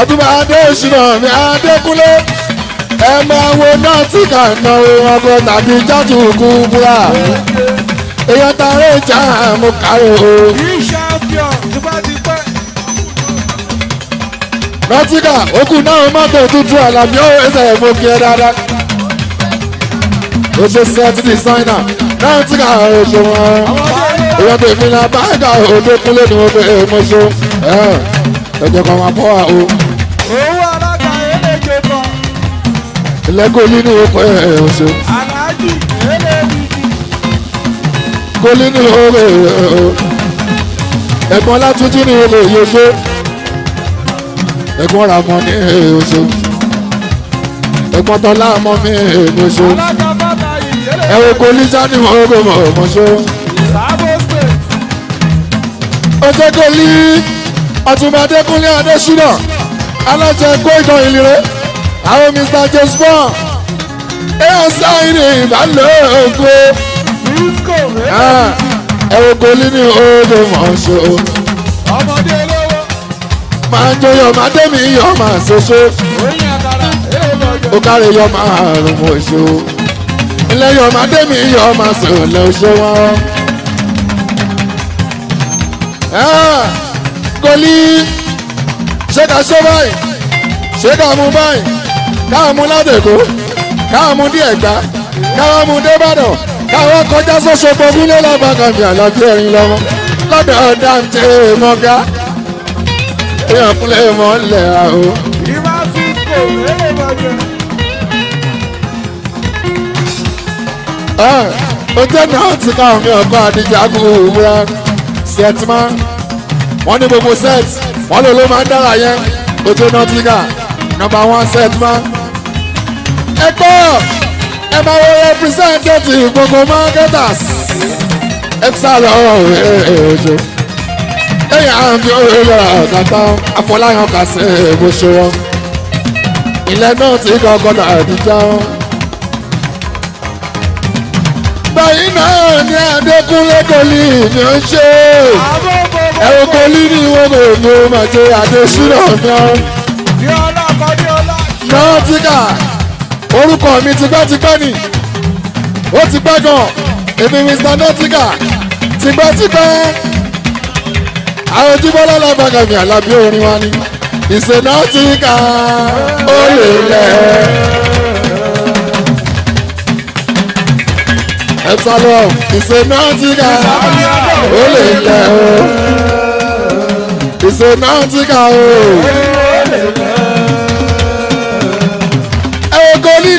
ọdúnmọ̀ adé òṣìnà mi adékúnlé ẹ máa wo náà tí kà ná ọkọ tàbí játù kú búra èèyàn tààrẹ ìjà mo kàrò o. nọtíkà okùn náà mọ́tò tuntun àlàbí ó ẹsẹ̀ mo kí ẹ dáadáa. ó ṣe sẹ́ẹ̀tì dísáínà nọtíkà òṣùwọ̀n ìwọ́n tèmi náà báyìí ká òdòkúnlé ni mo fẹ́ mo ṣe ẹ jẹ́ kó máa bọ́ wa o. lẹ́gọ́lì ní ọ̀pẹ́ ọ̀ṣẹ́. aláàjì ẹlẹ́ mi ti. gọ́lì ní ọ̀rẹ́ ẹ̀gbọ́n látúnjí ní ọ̀rẹ́ yẹgbó ẹ̀gbọ́n ramọ́ ní ọ̀ṣẹ́. ẹ̀gbọ́n tọ́lá mọ́ mi ọ̀ṣẹ́. ẹ̀wọ̀n gọ́lì sani ọ̀rẹ́ ọ̀ṣẹ́. ọjọ́ gọ́lì ọ̀túnbàdé kúnlé adésínà alájẹ kó ìtàn ìlérè àwọn Mr. James Bond èèyàn sáyìn ìbálòpọ̀ ẹ wo goli ní odò mọ̀ọ́ṣọ́ ọmọdé lọ́wọ́ máa ń jọyọ̀ máa dẹ́mi yọ̀ máa ṣoṣo ó kárí yọ̀ máa rùn mọ̀ọ́ṣọ́ ilé yọ̀ máa dẹ́mi yọ̀ máa ṣòlẹ̀ ọṣọ́ wọn. goli ṣé ká ṣó báyìí ṣé ká mú báyìí káwọn mú ládẹ́kọ́ káwọn mú díẹ̀ gbá káwọn mú débàdàn káwọn kọjá sọ́sọ́gbó nílé lọ́gbàgàmì àlàbí ẹ̀rín lọ́wọ́ lọ́dọ̀ ọ̀dà ń tẹ mọ́gá èèyàn kúnlẹ̀ mọ́ ńlẹ̀ àhó. Ah, ojú ẹ̀nà ọ̀tí káwọn mi ọ̀gbọ́n àdìjagun òwúrọ̀ sẹ́tìmá wọ́n ní gbogbo sẹ́ẹ̀tì wọ́n lò ló máa ń dára yẹn ojú ẹ̀nà ọ̀tí ká nọ́mbà wán sẹ́tìmá ẹ gbọ́ ẹ máa wọ rẹpísẹ́ńtẹ̀tì gbogbo marketers epsilon ojo lẹ́yìn àwọn bí orí lọ́ra ọ̀gáta afọláyàn kà sí èèbó ṣe wọn ilẹ̀ náà ti gọ́gọ́nà àdíjá wọn. báyìí náà ní adékúnlé kọ́lí ni ó ń ṣe ẹ̀wọ̀n kọ́lí ní ìwọ̀n kò ní ó máa jẹ adésínà náà. náà ti kà orúkọ mi tipẹ́tipẹ́ ni ó ti pẹ́ gan èmi mr nautica tipẹ́tipẹ́ àwọn ojúbọ́lá lábàgà mi àlàbí orin wa ni ìṣe nautica ó lè lẹ̀. ẹ̀ta lọ ìṣe nautica ó lè lẹ̀ o ìṣe nautica o.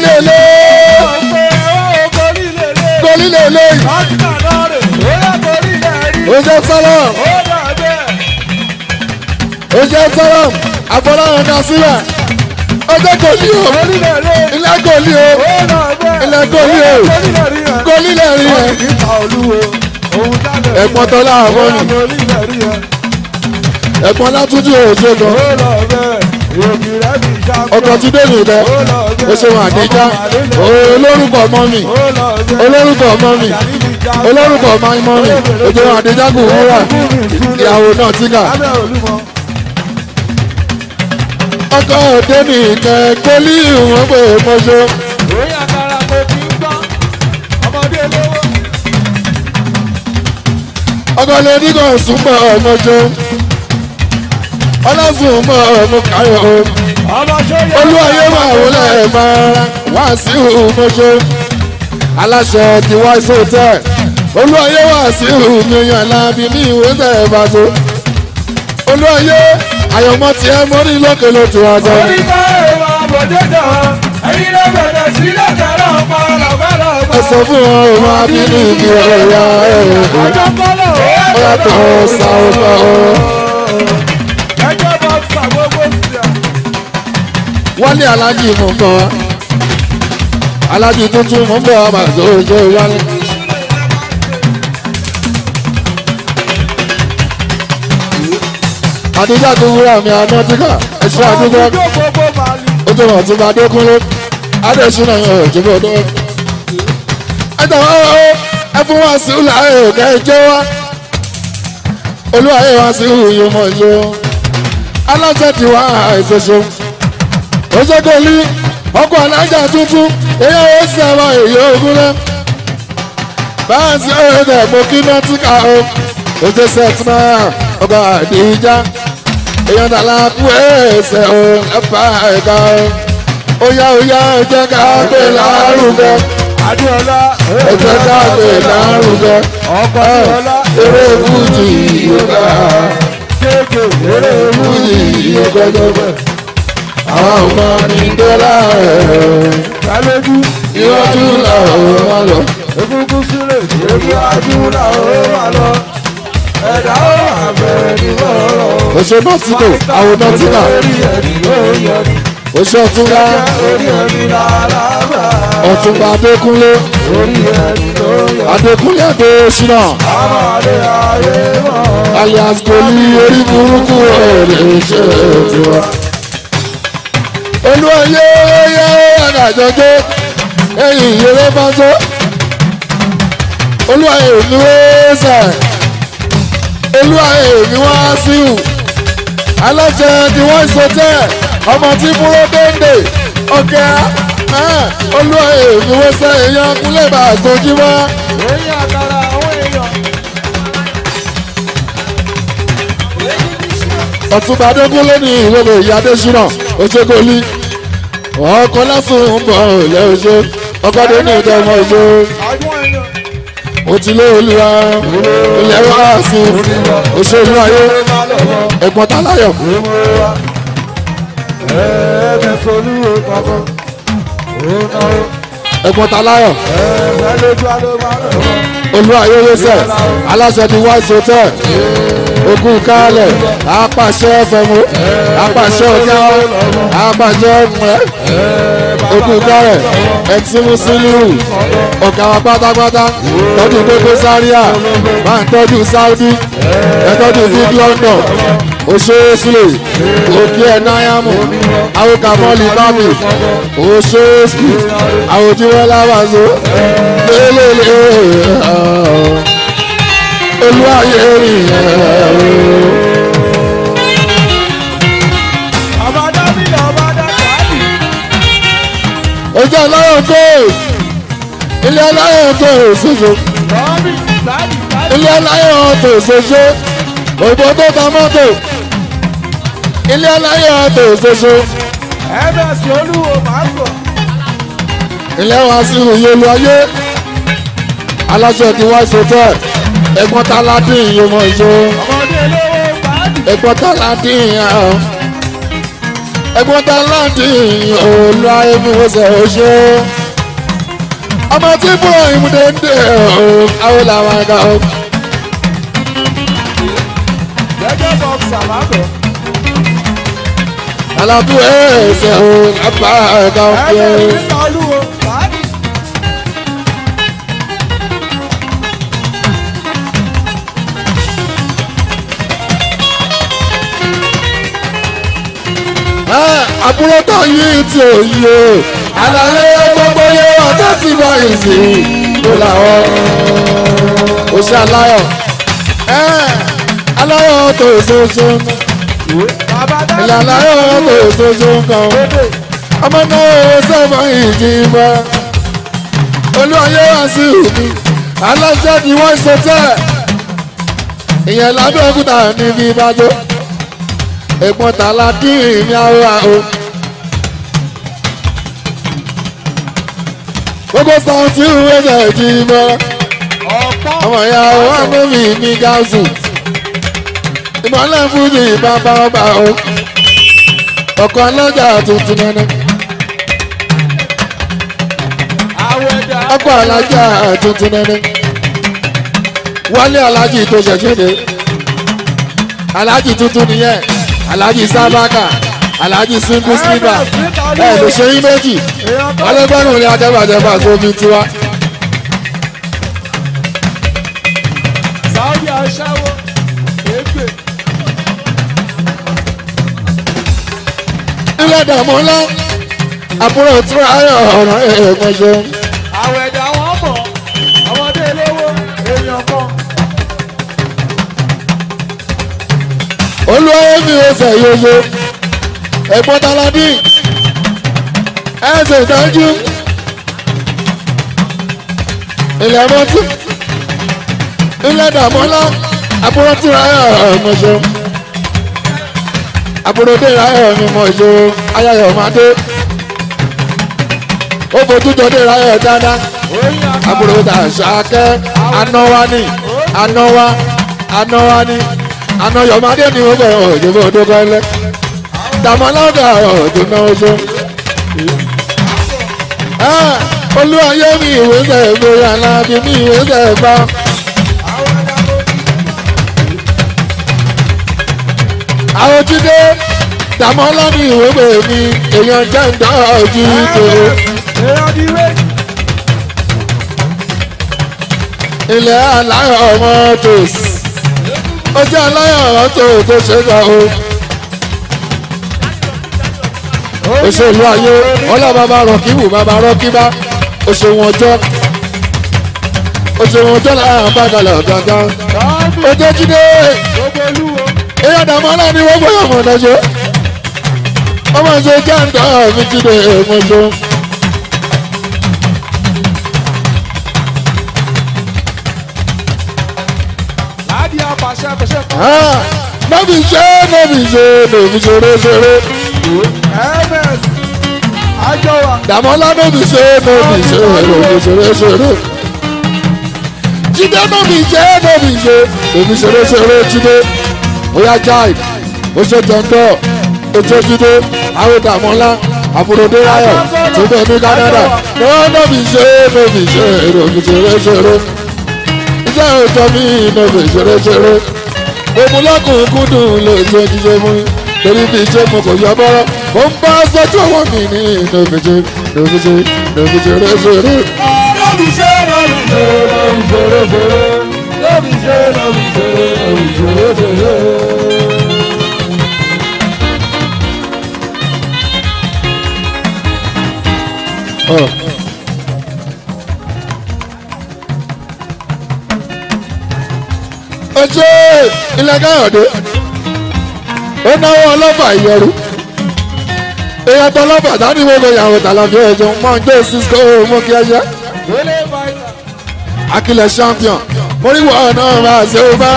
lélẹ̀. Gorí lélẹ̀. Ó jẹ́ sálọ̀m. Ó jẹ́ sálọ̀m. Àfọláhàn dá Goli, Ó jẹ́ gòlí o. Ilé Goli, o. Ilé gòlí o. Gòlí lẹ́rìí ẹ̀. Ẹ̀pọ̀n tọ́lá àwọn ni. Ẹ̀pọ̀n látúndì òjò lọ ọkọ̀ ti dé mi lẹ oṣooṣù àdéjà olórúkọ ọmọ mi olórúkọ ọmọ mi olórúkọ ọmọ mi oṣooṣù àdéjà kò wúrà ìyàwó náà ti kà. ọkọ̀ òde mi kẹ kólí ìwọ̀n pé mọ́ṣọ́. ọkọ̀ lè ní kò súnmọ́ ọmọ jọ ọlọ́sùn mọ́ ọmọ káyọ̀ ọmọ olúwa yóò máa wọlé mọ́ Wasiu Ojo aláṣẹ ti wá sí hòtẹ́ẹ̀ olúwa yóò Wasiu mi yàn láàbí ní ìwé tẹ̀ bá tó olúwa yóò àyọ̀mọ́ tiẹ̀ mórí lókè lótú ọjọ́. orí bá ẹ̀rọ àbọ̀dẹ́dà ẹ̀yin lẹ́gbẹ̀dẹ̀ sílẹ̀ kẹrẹ ọ̀pá làbẹ́lẹ̀ ọ̀pá. ẹ sọ fún wọn ò máa bínú ìdí ọ̀rọ̀ ìyá ẹ̀ ọ̀jọ̀ bọ́lá tó sá ọ̀pá ọ̀. ẹjọ́ bọ́ sàgbọ́n wálé alájì mú kan alájì tuntun mú bọ̀ ọmọ àjòjò wálé. àdúgbò tó wúrà mi àná tíkà ẹ̀ṣọ́ àdúgbò ó tó mọ̀ tó bá dókun ló adéṣúná yóò jùlọ dé. ẹ tẹ̀wọ́ ẹ fún wa sí ìlà ẹ̀ kẹ́ ẹ jẹ́ wá olúwa yóò wá sí ìhùwù yìí mọ̀ yìí alájẹ́ ti wá àìsèṣe. Ojogoli ọkọ̀ alájà tuntun eré ó sì àwọn èèyàn ogun rẹ̀. Báńsì ọ̀rẹ́dẹ̀ mo kí Nọ́tíkà o. Oje Sẹ́tìmá ọba àdìjá. Èèyàn dàlá kú ẹ̀ẹ́sẹ̀ o ẹ̀fà ẹ̀ka o. Óyá óyá ẹ̀jẹ̀ ká gbé lárugẹ. Adéọlá ẹ̀jẹ̀ ká gbé lárugẹ. Ọkọ̀ Adéọlá eré fújì yóò gbà. Kéèké eré fújì yóò gbẹ́gbẹ́ àwọn ọmọ ní dọ́là ẹ̀. Kálójú iwájú làwọn máa lọ. Egungun sílẹ̀ iwájú làwọn máa lọ. Ẹ̀dá àbẹ̀ ni wọ́n lọ. Oṣù Nọ́tìnà, àwọn Nọ́tìnà. Oṣù Ọ̀túnba. Ọ̀túnba Adékúnlé. Adékúnlé Adé Ṣínà. Alias Goli orí burúkú ẹ̀rẹ̀ ṣe tiwa olúwa yóò yá àgàjọjọ ẹ̀yìn ìyẹrẹ máa tó olúwa èmi wẹ́ẹ́sà olúwa èmi wá síhù alájẹ ni wọ́n ń sọtẹ́ ọmọ tí múró déńdé ọ̀gá olúwa èmi wẹ́ẹ́sà èèyàn kúlẹ̀ bá àsojú wá. ọ̀túnba adégúnlé ní ìrọ̀lẹ́ ìyá adésínà oṣogoli ọkọ láfún bọ̀ ọ̀lẹ́ oṣó ọkọ tó ní ìdánwò oṣó mo ti lé olúwa ilẹ̀ wá fún òṣèlú ayé ẹ̀gbọ́n tá láyọ̀. ẹ̀gbọ́n tá láyọ̀ olúwa ayé yẹsẹ̀ aláṣẹ ti wá ìṣòtẹ́ ogun kalẹ̀ apàṣẹ fẹmu apàṣẹ ọjọ́ apàṣẹ ọmọ ogun kalẹ̀ ẹtìmú sílùú ọ̀gá wa pátápátá tọ́jú gbogbo sáríà bá ń tọ́jú Saudi ẹ̀tọ́jú big London ososile òkè ẹnáyàmù awokàmọ́lì bábì ososile àwòjúwọ́lá wàzó lélẹ́lẹ́ ọ̀ọ́ olú ayé rìnyẹn o. ojú aláwọ̀ gold ilé aláwọ̀ tó ṣoṣo ilé aláwọ̀ tó ṣoṣo òbò tó ta mọ́tò ilé aláwọ̀ tó ṣoṣo. ms olúwo máa ń bọ̀. ilé wa sí ìròyìn olú ayé aláṣẹ ti wá ṣe tẹ́ẹ̀ ẹ̀gbọ́n tá ládùn yìí ọmọ ìṣó ẹ̀gbọ́n tá ládùn yìí àwọn ẹ̀gbọ́n tá ládùn yìí olú ayé mi wọ́n sẹ̀ ọ́ ṣó ọmọ tí bó ìmúdé ń dè ọ́ àwọn làwọn ẹ̀ka ọ́. gẹ́gẹ́ bọ́ọ̀ sàmákọ̀. alábùú ẹ̀ ṣe ọ́ àbá ẹ̀ka ọ́. àbúrò tó yí ti òye àlàyé gbogbo yẹ ọjọ́ ti bọ̀ ìsì kó làwọn kò ṣe aláyọ̀ aláyọ̀ tó ṣoṣo ìlànà aláyọ̀ tó ṣoṣo kan ọmọ náà sọmọ ìjìnbọn olúwayé wá sí mi aláṣẹ ni wọ́n ṣe tẹ́ ìyẹn lábẹ́ òkúta níbi ìbájọ́ ẹ̀gbọ́n tààlà dín ìrìn ara o. gbogbo sọ̀rọ̀ tí ń wé ṣe jí mọ́. ọmọ ìyá wa mú mi ní gáàsù. ìmọ̀lẹ̀ fújì bàbá ọba o. ọkọ̀ alájà tuntun nana. ọkọ̀ alájà tuntun nana. wálé alájì tó ṣẹ̀ṣẹ̀ dé. alájì tuntun nìyẹn alhaji sabaka alhaji simple slipper ẹ lè ṣe yín méjì alẹ́gbẹ́rún ni ajẹ́bàjẹ́bà tó fi tiwa. ilé dààmú ńlá àbúrò tí wọ́n á yọ ọ̀rọ̀ ẹ̀ẹ́dẹ́gbẹ́jọ. olúwa mi ò fẹ́ yòówó ẹ̀gbọ́n Táládì ẹ ṣe ìtọ́jú ilẹ̀ mọ́tò ilẹ̀ dàmọ́lá àbúrò tí ra ẹ̀ ọmọ ṣeun àbúrò dé ra ẹ̀ ọmọ ṣeun ayáyọ̀ máa dé ó fojú jọ dé ra ẹ̀ dáadáa àbúrò dà ṣáàkẹ́ àná yọ̀mádé ni oh, ó oh, ah, bẹ̀rẹ̀ òjòbó odógó ẹlẹ́ dàmọ́ lọ́dà òjòná oṣó. olúwayé mi ìwé sẹ̀gbẹ́ aláàbí mi ìwé sẹ̀gbá. àwọn jíde dàmọ́ lọ́dà ìwé bẹ̀rẹ̀ mi èèyàn jẹ́ ǹdọ́ ojú ìdòwò. ilẹ̀ aláyọ̀ ọmọ tòsí ọjọ́ aláyà ọ̀tọ̀ tó ṣe gbà o. òṣèlú ayé ọlá bàbá rọkìbù bàbá rọkìbá òṣèwọ̀n ọjọ́ òṣèwọ̀n ọjọ́ láàrín bàgàlà gangan ọjọ́ jíde èyí àdàmọ́ náà ni wọ́n gbọ́dọ̀ mọ̀ náà ṣe ọmọ ṣe jáǹdà mi jíde èèmọ̀ ṣeun nọ́bì ṣe nọ́bì ṣe nọ́bì ṣeré ṣeré. dàmọ́lá nọ́bì ṣe nọ́bì ṣe nọ́bì ṣeré ṣeré. jíde nọ́bì ṣe nọ́bì ṣe nọ́bì ṣeré ṣeré jíde. bóyá jáì ó ṣe jọ̀ǹdọ̀ ó ṣe jíde àwọn dàmọ́lá àbúrò déráyọ̀ tó bẹ̀ ní Canada. nọ́bì ṣe nọ́bì ṣe nọ́bì ṣeré ṣeré jẹ́ òótọ́ mi lọ́sẹ̀ ṣeréṣeré òmù lọ́kùnkún dùn lè ṣe jíjẹ mú torí bí ṣe mo kò yọ bọ́rọ́ ó ń bá sọ́jú ọwọ́ mi ní lọ́fíṣe lọ́fíṣe lọ́fíṣe ṣeréṣeré. lọ́fíṣe lọ́fíṣe lọ́fíṣe ṣeréṣeré lọ́fíṣe lọ́fíṣe lọ́fíṣe ṣeréṣeré. Oh. ṣe ilẹ̀ ó náwó ọlọ́fà ìyẹrù èèyàn ọlọ́fà dání gbogbo ìyàwó tàlàfíà ẹ̀jọ̀ mọ́ ń gbé cisco kí ẹ yẹ. champion mo rí wọ́ọ̀ náà máa ṣe ó bá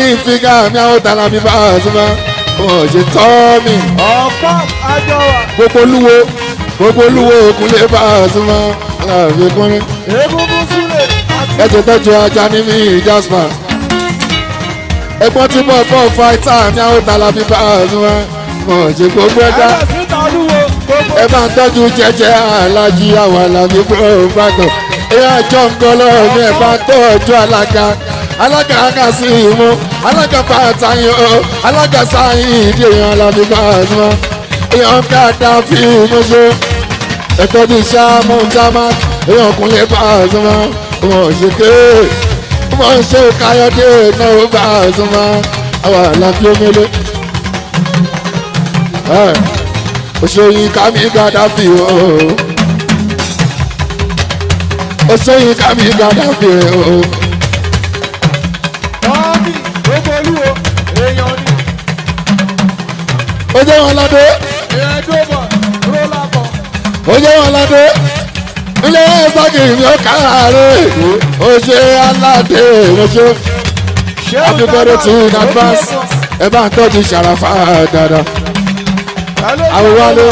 lè fi ká mi àwọn tàlàfíà bá a ṣe máa ó ṣe tọ́mí. ọ̀pọ̀ àjọwà. gbogbo olúwo gbogbo olúwo òkun lè bá a ṣe máa láàfin kúnrin. sí ẹ tó tọ́jú ajá ní mi ìjáspa Epo tí bọ́ọ̀ bọ́ọ̀ fáìtà ní àwọn tààlà bíbá ọ̀dún wa mọ̀ jí gbogbo ẹ̀dá ẹ bá ń tọ́jú jẹjẹ alájí àwọn àlàbí bọ́ọ̀ bàtọ̀ ẹ àjọ ńkọ́ lọ́wọ́ mi ẹ bá ń tọ́jú alága alága aka sí ìmú alága bàtà yín o alága sáyìn ìdí èèyàn alábí bàtà èèyàn kàdá fi ìmú so ẹ̀tọ́jú sáà mú sáà má èèyàn kúnlẹ̀ bàtà wọn ò ṣe ké wọn ń ṣe káyọ̀dé náà bá a súnmọ́ àwọn àlàfi omele. òṣèyìn kàmí gàdáfì o òṣèyìn kàmí gàdáfì o. ó jẹ́ wọn ládé ó jẹ́ wọn ládé ilé bọ́ọ̀gì mi ó kàárẹ̀ ó ṣe aládé ìrẹsẹ́ adúgbòrò tí in advance ẹ bá ń tọ́jú ṣàràfà dáadáa àwòwálé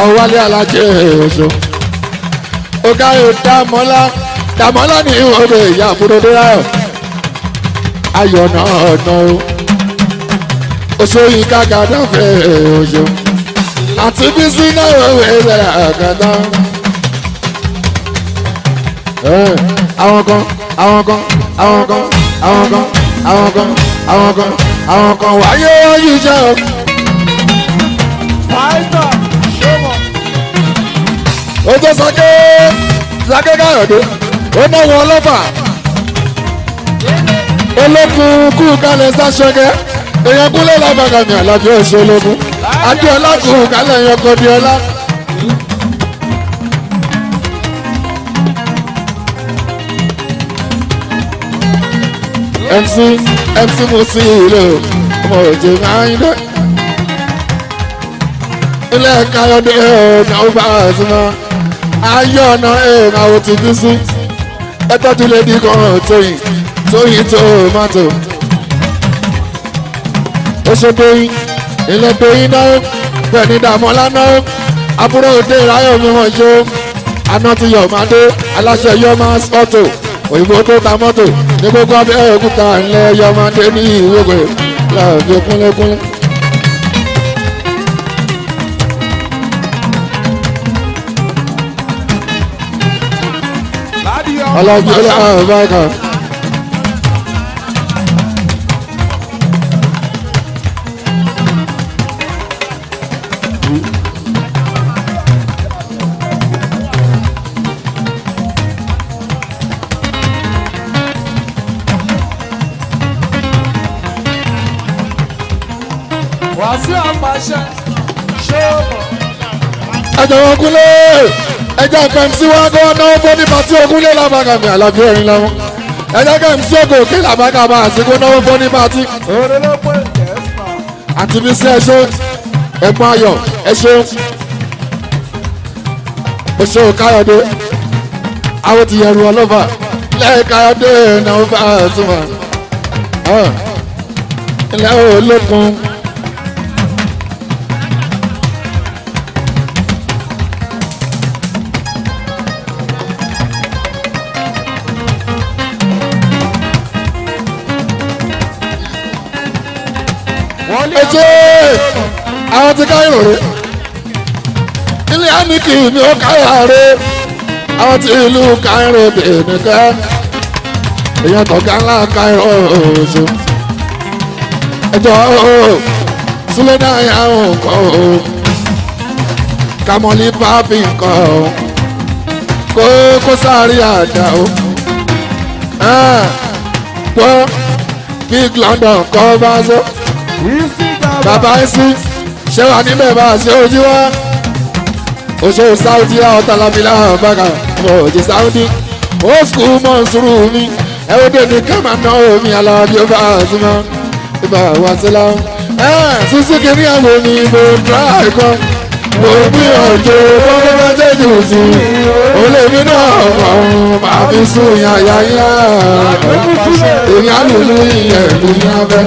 àwòwálé alájẹ èso ọ̀gá yóò dàmọ́lá dàmọ́lá ní ìwọ́de ìyá àbúrò dúráyọ̀ ayọ̀ náà ọ̀nà o òṣòyìn kága dáfẹ́ òṣò àti bísí náà wẹ̀wẹ̀ rẹ̀ àgàdá àwọn kan àwọn kan àwọn kan àwọn kan àwọn kan àwọn kan àwọn kan wáyé yìí jẹ́ o. pásítọ̀ ṣọ́mọ̀. ojú sake sake káyọ̀dé ó náà wọ ọlọ́fà olókun kú kalẹ̀ sáṣẹ́gẹ́ èèyàn kúlẹ̀ lábàgàmì àlàbí ọ̀ṣẹ́ ológun adéọlá kú kalẹ̀ yọkọ̀ diọlá. MC MC Musilo ọmọ òjò káyọ̀dé ilé káyọ̀dé ọ̀nà ọba àtúmọ̀ ayé ọ̀nà ẹ̀ẹ̀nà òtún bí sí ẹtọ́jú lédi kan tóyìn tóyìn tó mọ́tò oṣù tóyìn ilé tóyìn náà bẹ̀ẹ̀ni dàmọ́lá náà àbúrò òde ìráyọ̀ mi wọ́n ṣe aná ti yọ̀ máa dé aláṣẹ yọ máa sọ́tò òyìnbó tó ta mọ́tò ní gbogbo abẹ́ òkúta ńlẹ̀ yọmọdé ní ìwégbè láàbí kúnlẹ́kúnlẹ́. ọlọ́jọ́ ọlọ́run báyìí kan. ẹjọ ogunlé ẹjọ kẹmísí wọn kọ náà bọdí pàtí ogunlé làbàkàmì àlàbí ẹrin lọrun ẹjọ kẹmísí ògò òkè làbàkàmì àsìkò náà bọdí pàtí. àti bí sí ẹṣọ ẹ̀gbọ́n ayọ̀ ẹṣọ ẹṣọ káyọ̀dé àwọn ti yẹrù ọlọ́fà lẹ́ẹ̀káyọ̀dé náà bá a ah, túmọ̀ ah. ilẹ̀ olókun. ajé àwọn ti káyọ̀ rè ilé aniki ni ó káyà rè àwọn ti ìlú káyọ̀ bìnnìkẹ́ èèyàn tọ̀gá ńlá káyọ̀ ọ̀ṣun ẹjọ́ sílẹ̀ náà yà ń kọ́ ọ kàmọ́lì bá fi ń kọ́ ọ kó kó sáré àdá o ah, gbọ́ big London kọ́ bá sọ bàbá ń sí ṣé wà níbẹ̀ bá ṣe ojú wá oṣù sáúdí ọ̀tàlámilá bàgà ọ̀jì sáúdí ó sùkúù mọ̀ ń sùúrù mi ẹ ó dé ní kẹ́mà náà omi alábí ó bá àtúmọ̀ ìbá wa sí lá. ẹ sísí kìíní àwọn omi ìbò dra ẹ̀kọ́ mo bí ọjọ́ bọ́lá bá jẹ́jú sí i ó lè mí náà ọ̀hún màá fi sùn yàn yáyà èmi á lùlù ìyẹ̀kùn ní abẹ́.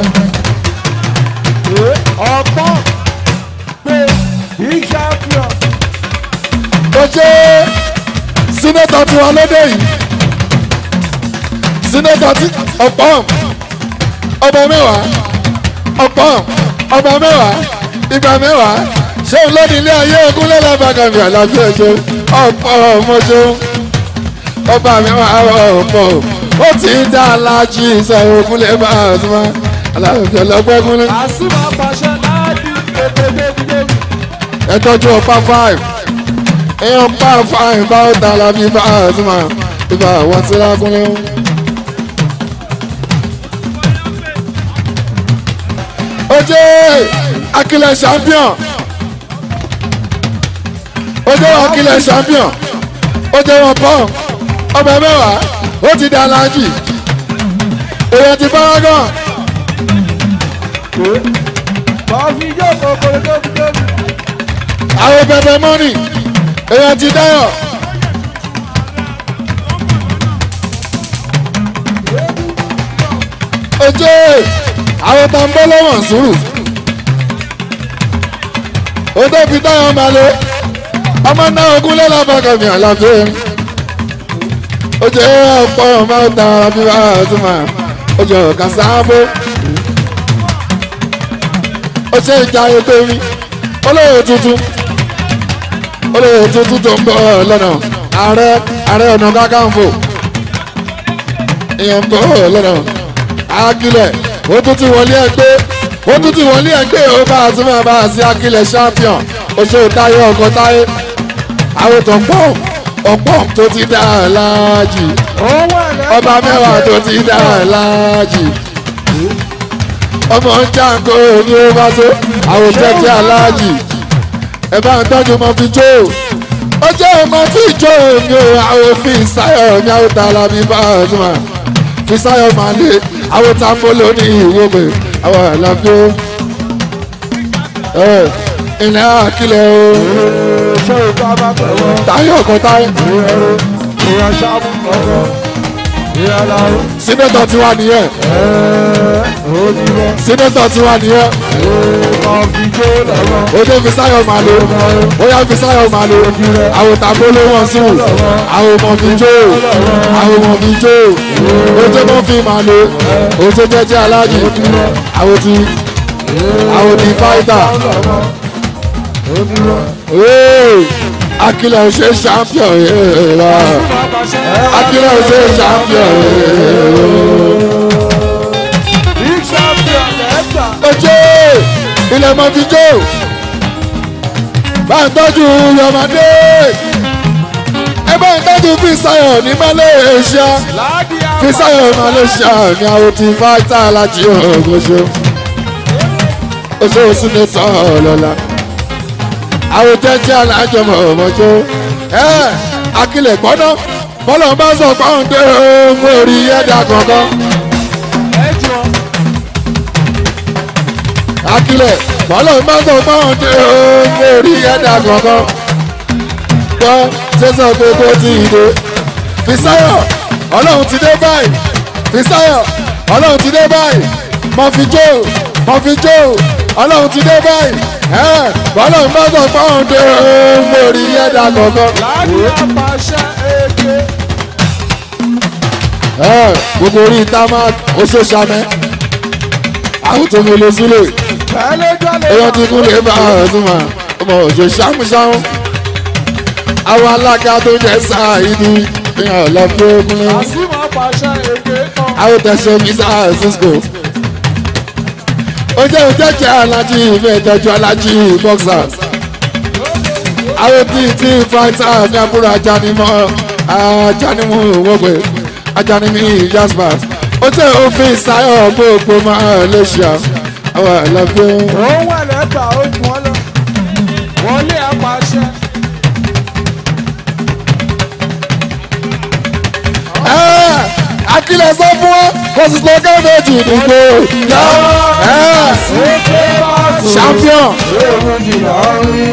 sínétọ̀ tí wọn lédè yìí sínétọ̀ tí ọ̀pọ̀n ọmọ mẹ́wàá ọ̀pọ̀n ọmọ mẹ́wàá ìgbà mẹ́wàá ṣé n lónìí ilé ayé ogún lẹ́lẹ́bàgàn ní àlàáfíà ẹ̀ṣẹ̀ ọ̀pọ̀ ọmọ ṣeun ọba mẹ́wàá ọ̀pọ̀ ó ti dá aláàjì ìṣẹ̀ ogún lẹ́bàá àtúmọ̀ aláàfíà lọ́gbẹ́gúnlé. àṣìbà pàṣẹ láti ètò ìdè ẹ tọ́jú ọ̀pá five èèyàn bá fa ìbá ọ̀tá la fi àtúmọ̀ ìbá wọn sí lákúnlẹ̀ o. ojú akílẹ̀ champion ojú akílẹ̀ champion ojú wọn pọ̀ ọbẹ̀ mẹ́wàá ó ti dá lájì èèyàn ti bá wọn gan. Àwọn bẹ̀bẹ̀ mọ́nì èèyàn ti dáyọ̀. ojú àwọn tá ń bọ́ lọ́wọ́n sùúrù ó tó fi dáyọ̀ máa lé ọmọ náà ogún lọ́la bàkàmì àlàfẹ́ ojú ọ̀pọ̀ ọmọ ọ̀tá àbí wàhálà tó máa ojú ọ̀kan sáábó ó ìjà ètò mi olóòtú tuntun olóyè tuntun tó ń bọ̀ lọ́nà ààrẹ ààrẹ ọ̀nà kákàǹfò èèyàn ń bọ̀ lọ́nà akilẹ̀ ó tún ti wọlé ẹgbẹ́ ó tún wọlé ẹgbẹ́ ó bá a tún bá a sí akilẹ̀ champion oṣù táyé ọkọ táyé àwọn tó ń pọ̀ ọ̀pọ̀ tó ti dá láàjì ọba mẹ́wàá tó ti dá láàjì ọmọ ń jà ń kó ní ó bá tó àwọn aláàjì ẹ bá ń tọ́jú mọ́ fi jó ó jẹ́ ọmọ fi jó mi ò àwọn fi sáyọ̀ ní àwọn tààlà mi bá ọdún wa fi sáyọ̀ máa lé àwọn tá a fọ́lọ́ ní ìwọ́gbẹ̀ àwọn àlàbí ó ilẹ̀ àkílẹ̀ o táyọ̀ kan táyọ̀ sínẹ́tọ̀ tiwa nìyẹn sínẹ́tọ̀ tiwa nìyẹn ojú fi sáyọ máa lo bóyá fi sáyọ máa lo àwòtà bóló wọn sùn àwòmọ̀ fi jó àwòmọ̀ fi jó ojú kan fi máa lo ojú jẹjẹ aláàjì àwòtí àwòtí fáìtà akílẹ̀ ò ṣe champion rẹ̀ akílẹ̀ ò ṣe champion rẹ̀ ojú ilẹ̀ mọ́ fi jó bá ń tọ́jú yọmọdé ẹ bá ń tọ́jú ní Malaysia Fisáyọ̀ Malaysia ní àwọn ti fáìtà láti ọgọṣọ oṣooṣù ní tọ́ ọlọ́lá àwọn jẹ́jẹ́ alájọmọ̀ ọmọjọ́ ẹ akílẹ̀ gbọ́dọ̀ bọ́lọ̀ bá sọ pọ́ǹdé ohun orí ẹ̀dá kankan. akílẹ̀ bọ́lọ̀ mọ́tò pọ́n dé o mo rí ẹ̀dá kankan gbọ́ sẹ́sàn gbogbo ti ìdè Fisáyọ̀ ọlọ́run ti dé báyìí Fisáyọ̀ ọlọ́run ti dé báyìí mọ̀fíjó mọ̀fíjó ọlọ́run ti dé báyìí ẹ̀ bọ́lọ̀ mọ́tò pọ́n dé o mo rí ẹ̀dá kankan. láàrin àpàṣẹ èké. ẹ gbogbo orí támá ó ṣe ṣamẹ àwọn tó ń lo sílẹ̀ èèyàn ti kú lè bá ọ̀rọ̀ tún mà ọmọ òjò ṣàmùṣàmù àwọn alága tó jẹ́ sáà ìdí ìyàn ọ̀lọ́pọ̀ ogun lẹ́yìn àwọn tẹ̀sán mi sáà cisco ó jẹ́ òjẹ́jẹ́ alájí ìfẹ́ ìtọ́jú alájí boxers àwọn tí tí fighters ní àbúrò ajánimọ́ ajánimọ́ òwògbé ajánimí jaspers ó jẹ́ òfin sáyọ̀ gbogbo máa lè ṣe àwọn àwọn àlàfẹ́. òun wà lẹ́bà ó jù wọ́n lọ wọlé apàṣẹ. akílẹ̀ sọ fún wọn kò sì sọ kẹ́fẹ́ jù dìgbò. champion. ewu jìnnà rí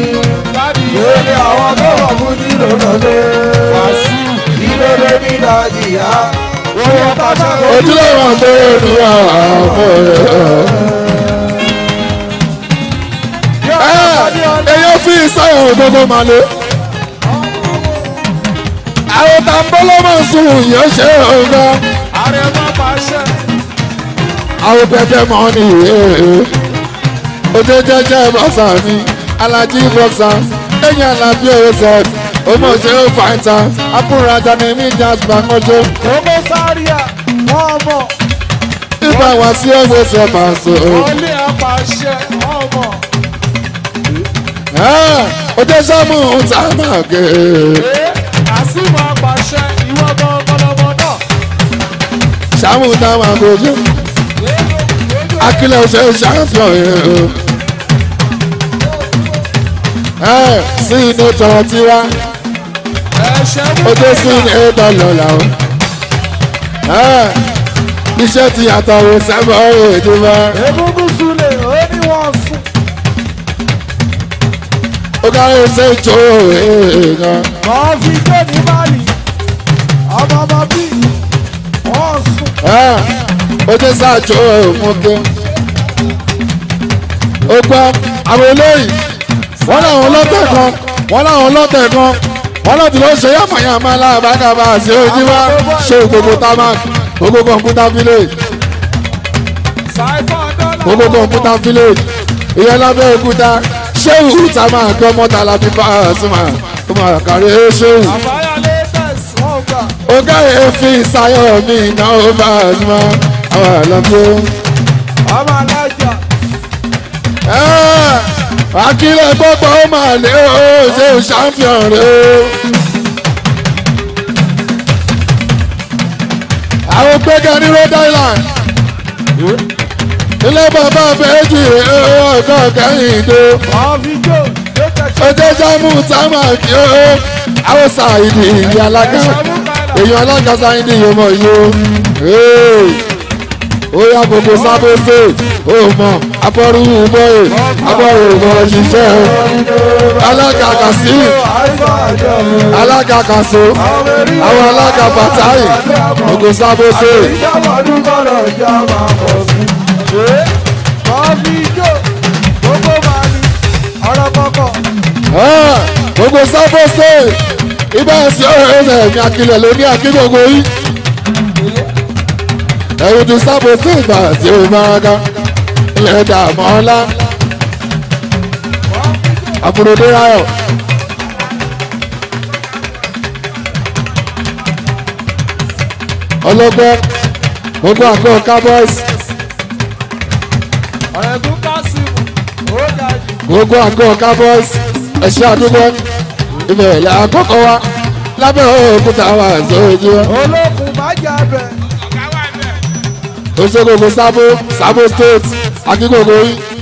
lórí àwọn àwọn ọmọ rẹ̀. fi sáyà òdodo máa lé. àwọn tàǹbọ́lọ́ máa ń sun ìyẹn ṣe ọ̀gá. àwọn pẹpẹ mọ ni ìwé ojú jẹjẹ bọ́sà ni alájí bọ́sà ẹ̀yìn alábí ọ̀sẹ̀ ọmọ òṣèré fàìtà akúnrajà ni mí jazz bangojo. ọmọ sáríà wọn mọ. ibà wá sí ọgbẹ́sẹ̀ pàṣẹ. wọ́n ní apàṣẹ ọmọ. Ah, ọjọ́ sámú ń sá máa gé. àsìmọ̀ àpàṣẹ ìwọ gan ọmọlọmọ náà. sámú táwọn àgọ́jọ akílẹ̀ ọ̀sẹ̀ ṣàǹfọ̀ yẹn. Eh, sí inú tọrọ tiwa ọjọ́ sí ní ẹ̀dọ̀ lọ́la o. Eh, iṣẹ́ ti yàtọ̀ sábà ọ̀rọ̀ ìdúró. ọ̀gáyé ṣe jó èèyàn. wọ́n fi jó ní báyìí ọmọ ọmọ bíi wọ́n sùn. ó jẹ́ sáàjọ́ òmùgẹ́. ó gbọ́ àwọn eléyìí wọ́n láwọn ọlọ́tẹ̀ kan wọ́n láwọn ọlọ́tẹ̀ kan wọ́n láti lọ ṣe yàmàyàmà láàbàkàbà àti ojúwá ṣe gbogbo tamak gbogbo kọ̀ǹpútà village gbogbo kọ̀ǹpútà village ìyẹn lábẹ́ òkúta ṣéwù tá a máa gbọ́ mọ́ta la fi bá a súnmọ́ kó máa kárí ṣéwù. ọ̀gá èéfín sáyọ̀ mi náà bá a súnmọ́ àwọn àlọ́gbó. ọmọ alájà. akílẹ̀ gbọ́gbọ́ ó máa lé o ṣéwù champion rẹ o. àwọn gbẹ́gẹ́ ní Rhode Island. Yeah. Hm? ilé bàbá méjì ọkọ̀ kẹ́hìndó. ọjọ́ jámù támàkì ó haúsá ìdí ìdí alága èèyàn alága sáyidì yóò mọ̀ yóò. ó yá gbogbo sábó ṣe ó mọ abọ́rú bọ́ẹ̀ abọ́rú bọ́ alága kàṣí alága kàṣó àwọn alága bàtáì gbogbo sábó kọ́fíjò gbogbo màmí ah, ọ̀rọ̀ kọ̀kọ̀. gbogbo sábò ṣe ibà ẹ̀sìn ọ̀rọ̀ ẹ̀sẹ̀ ẹ̀mí akílẹ̀ ló ní akí gbogbo yìí. ẹ̀rù tún sábò ṣe ìgbà tí ó máa ga ilẹ̀ dààmú ọ̀la. àbúrò dé ráyọ̀. ọlọ́gbọ́n gbogbo àgọ́ cowboys ọ̀rẹ́dún kásìmù ó ga jù. gbogbo àgọ́ kábọ́s ẹ̀ṣẹ́ àdúgbò ibẹ̀ ìyá àkọ́kọ́ wa lábẹ́ òkúta wa ẹ̀ṣẹ́ ojú wa. olókùn bá jà bẹ̀. oṣogogo sábó sábó state akíkòkò yìí.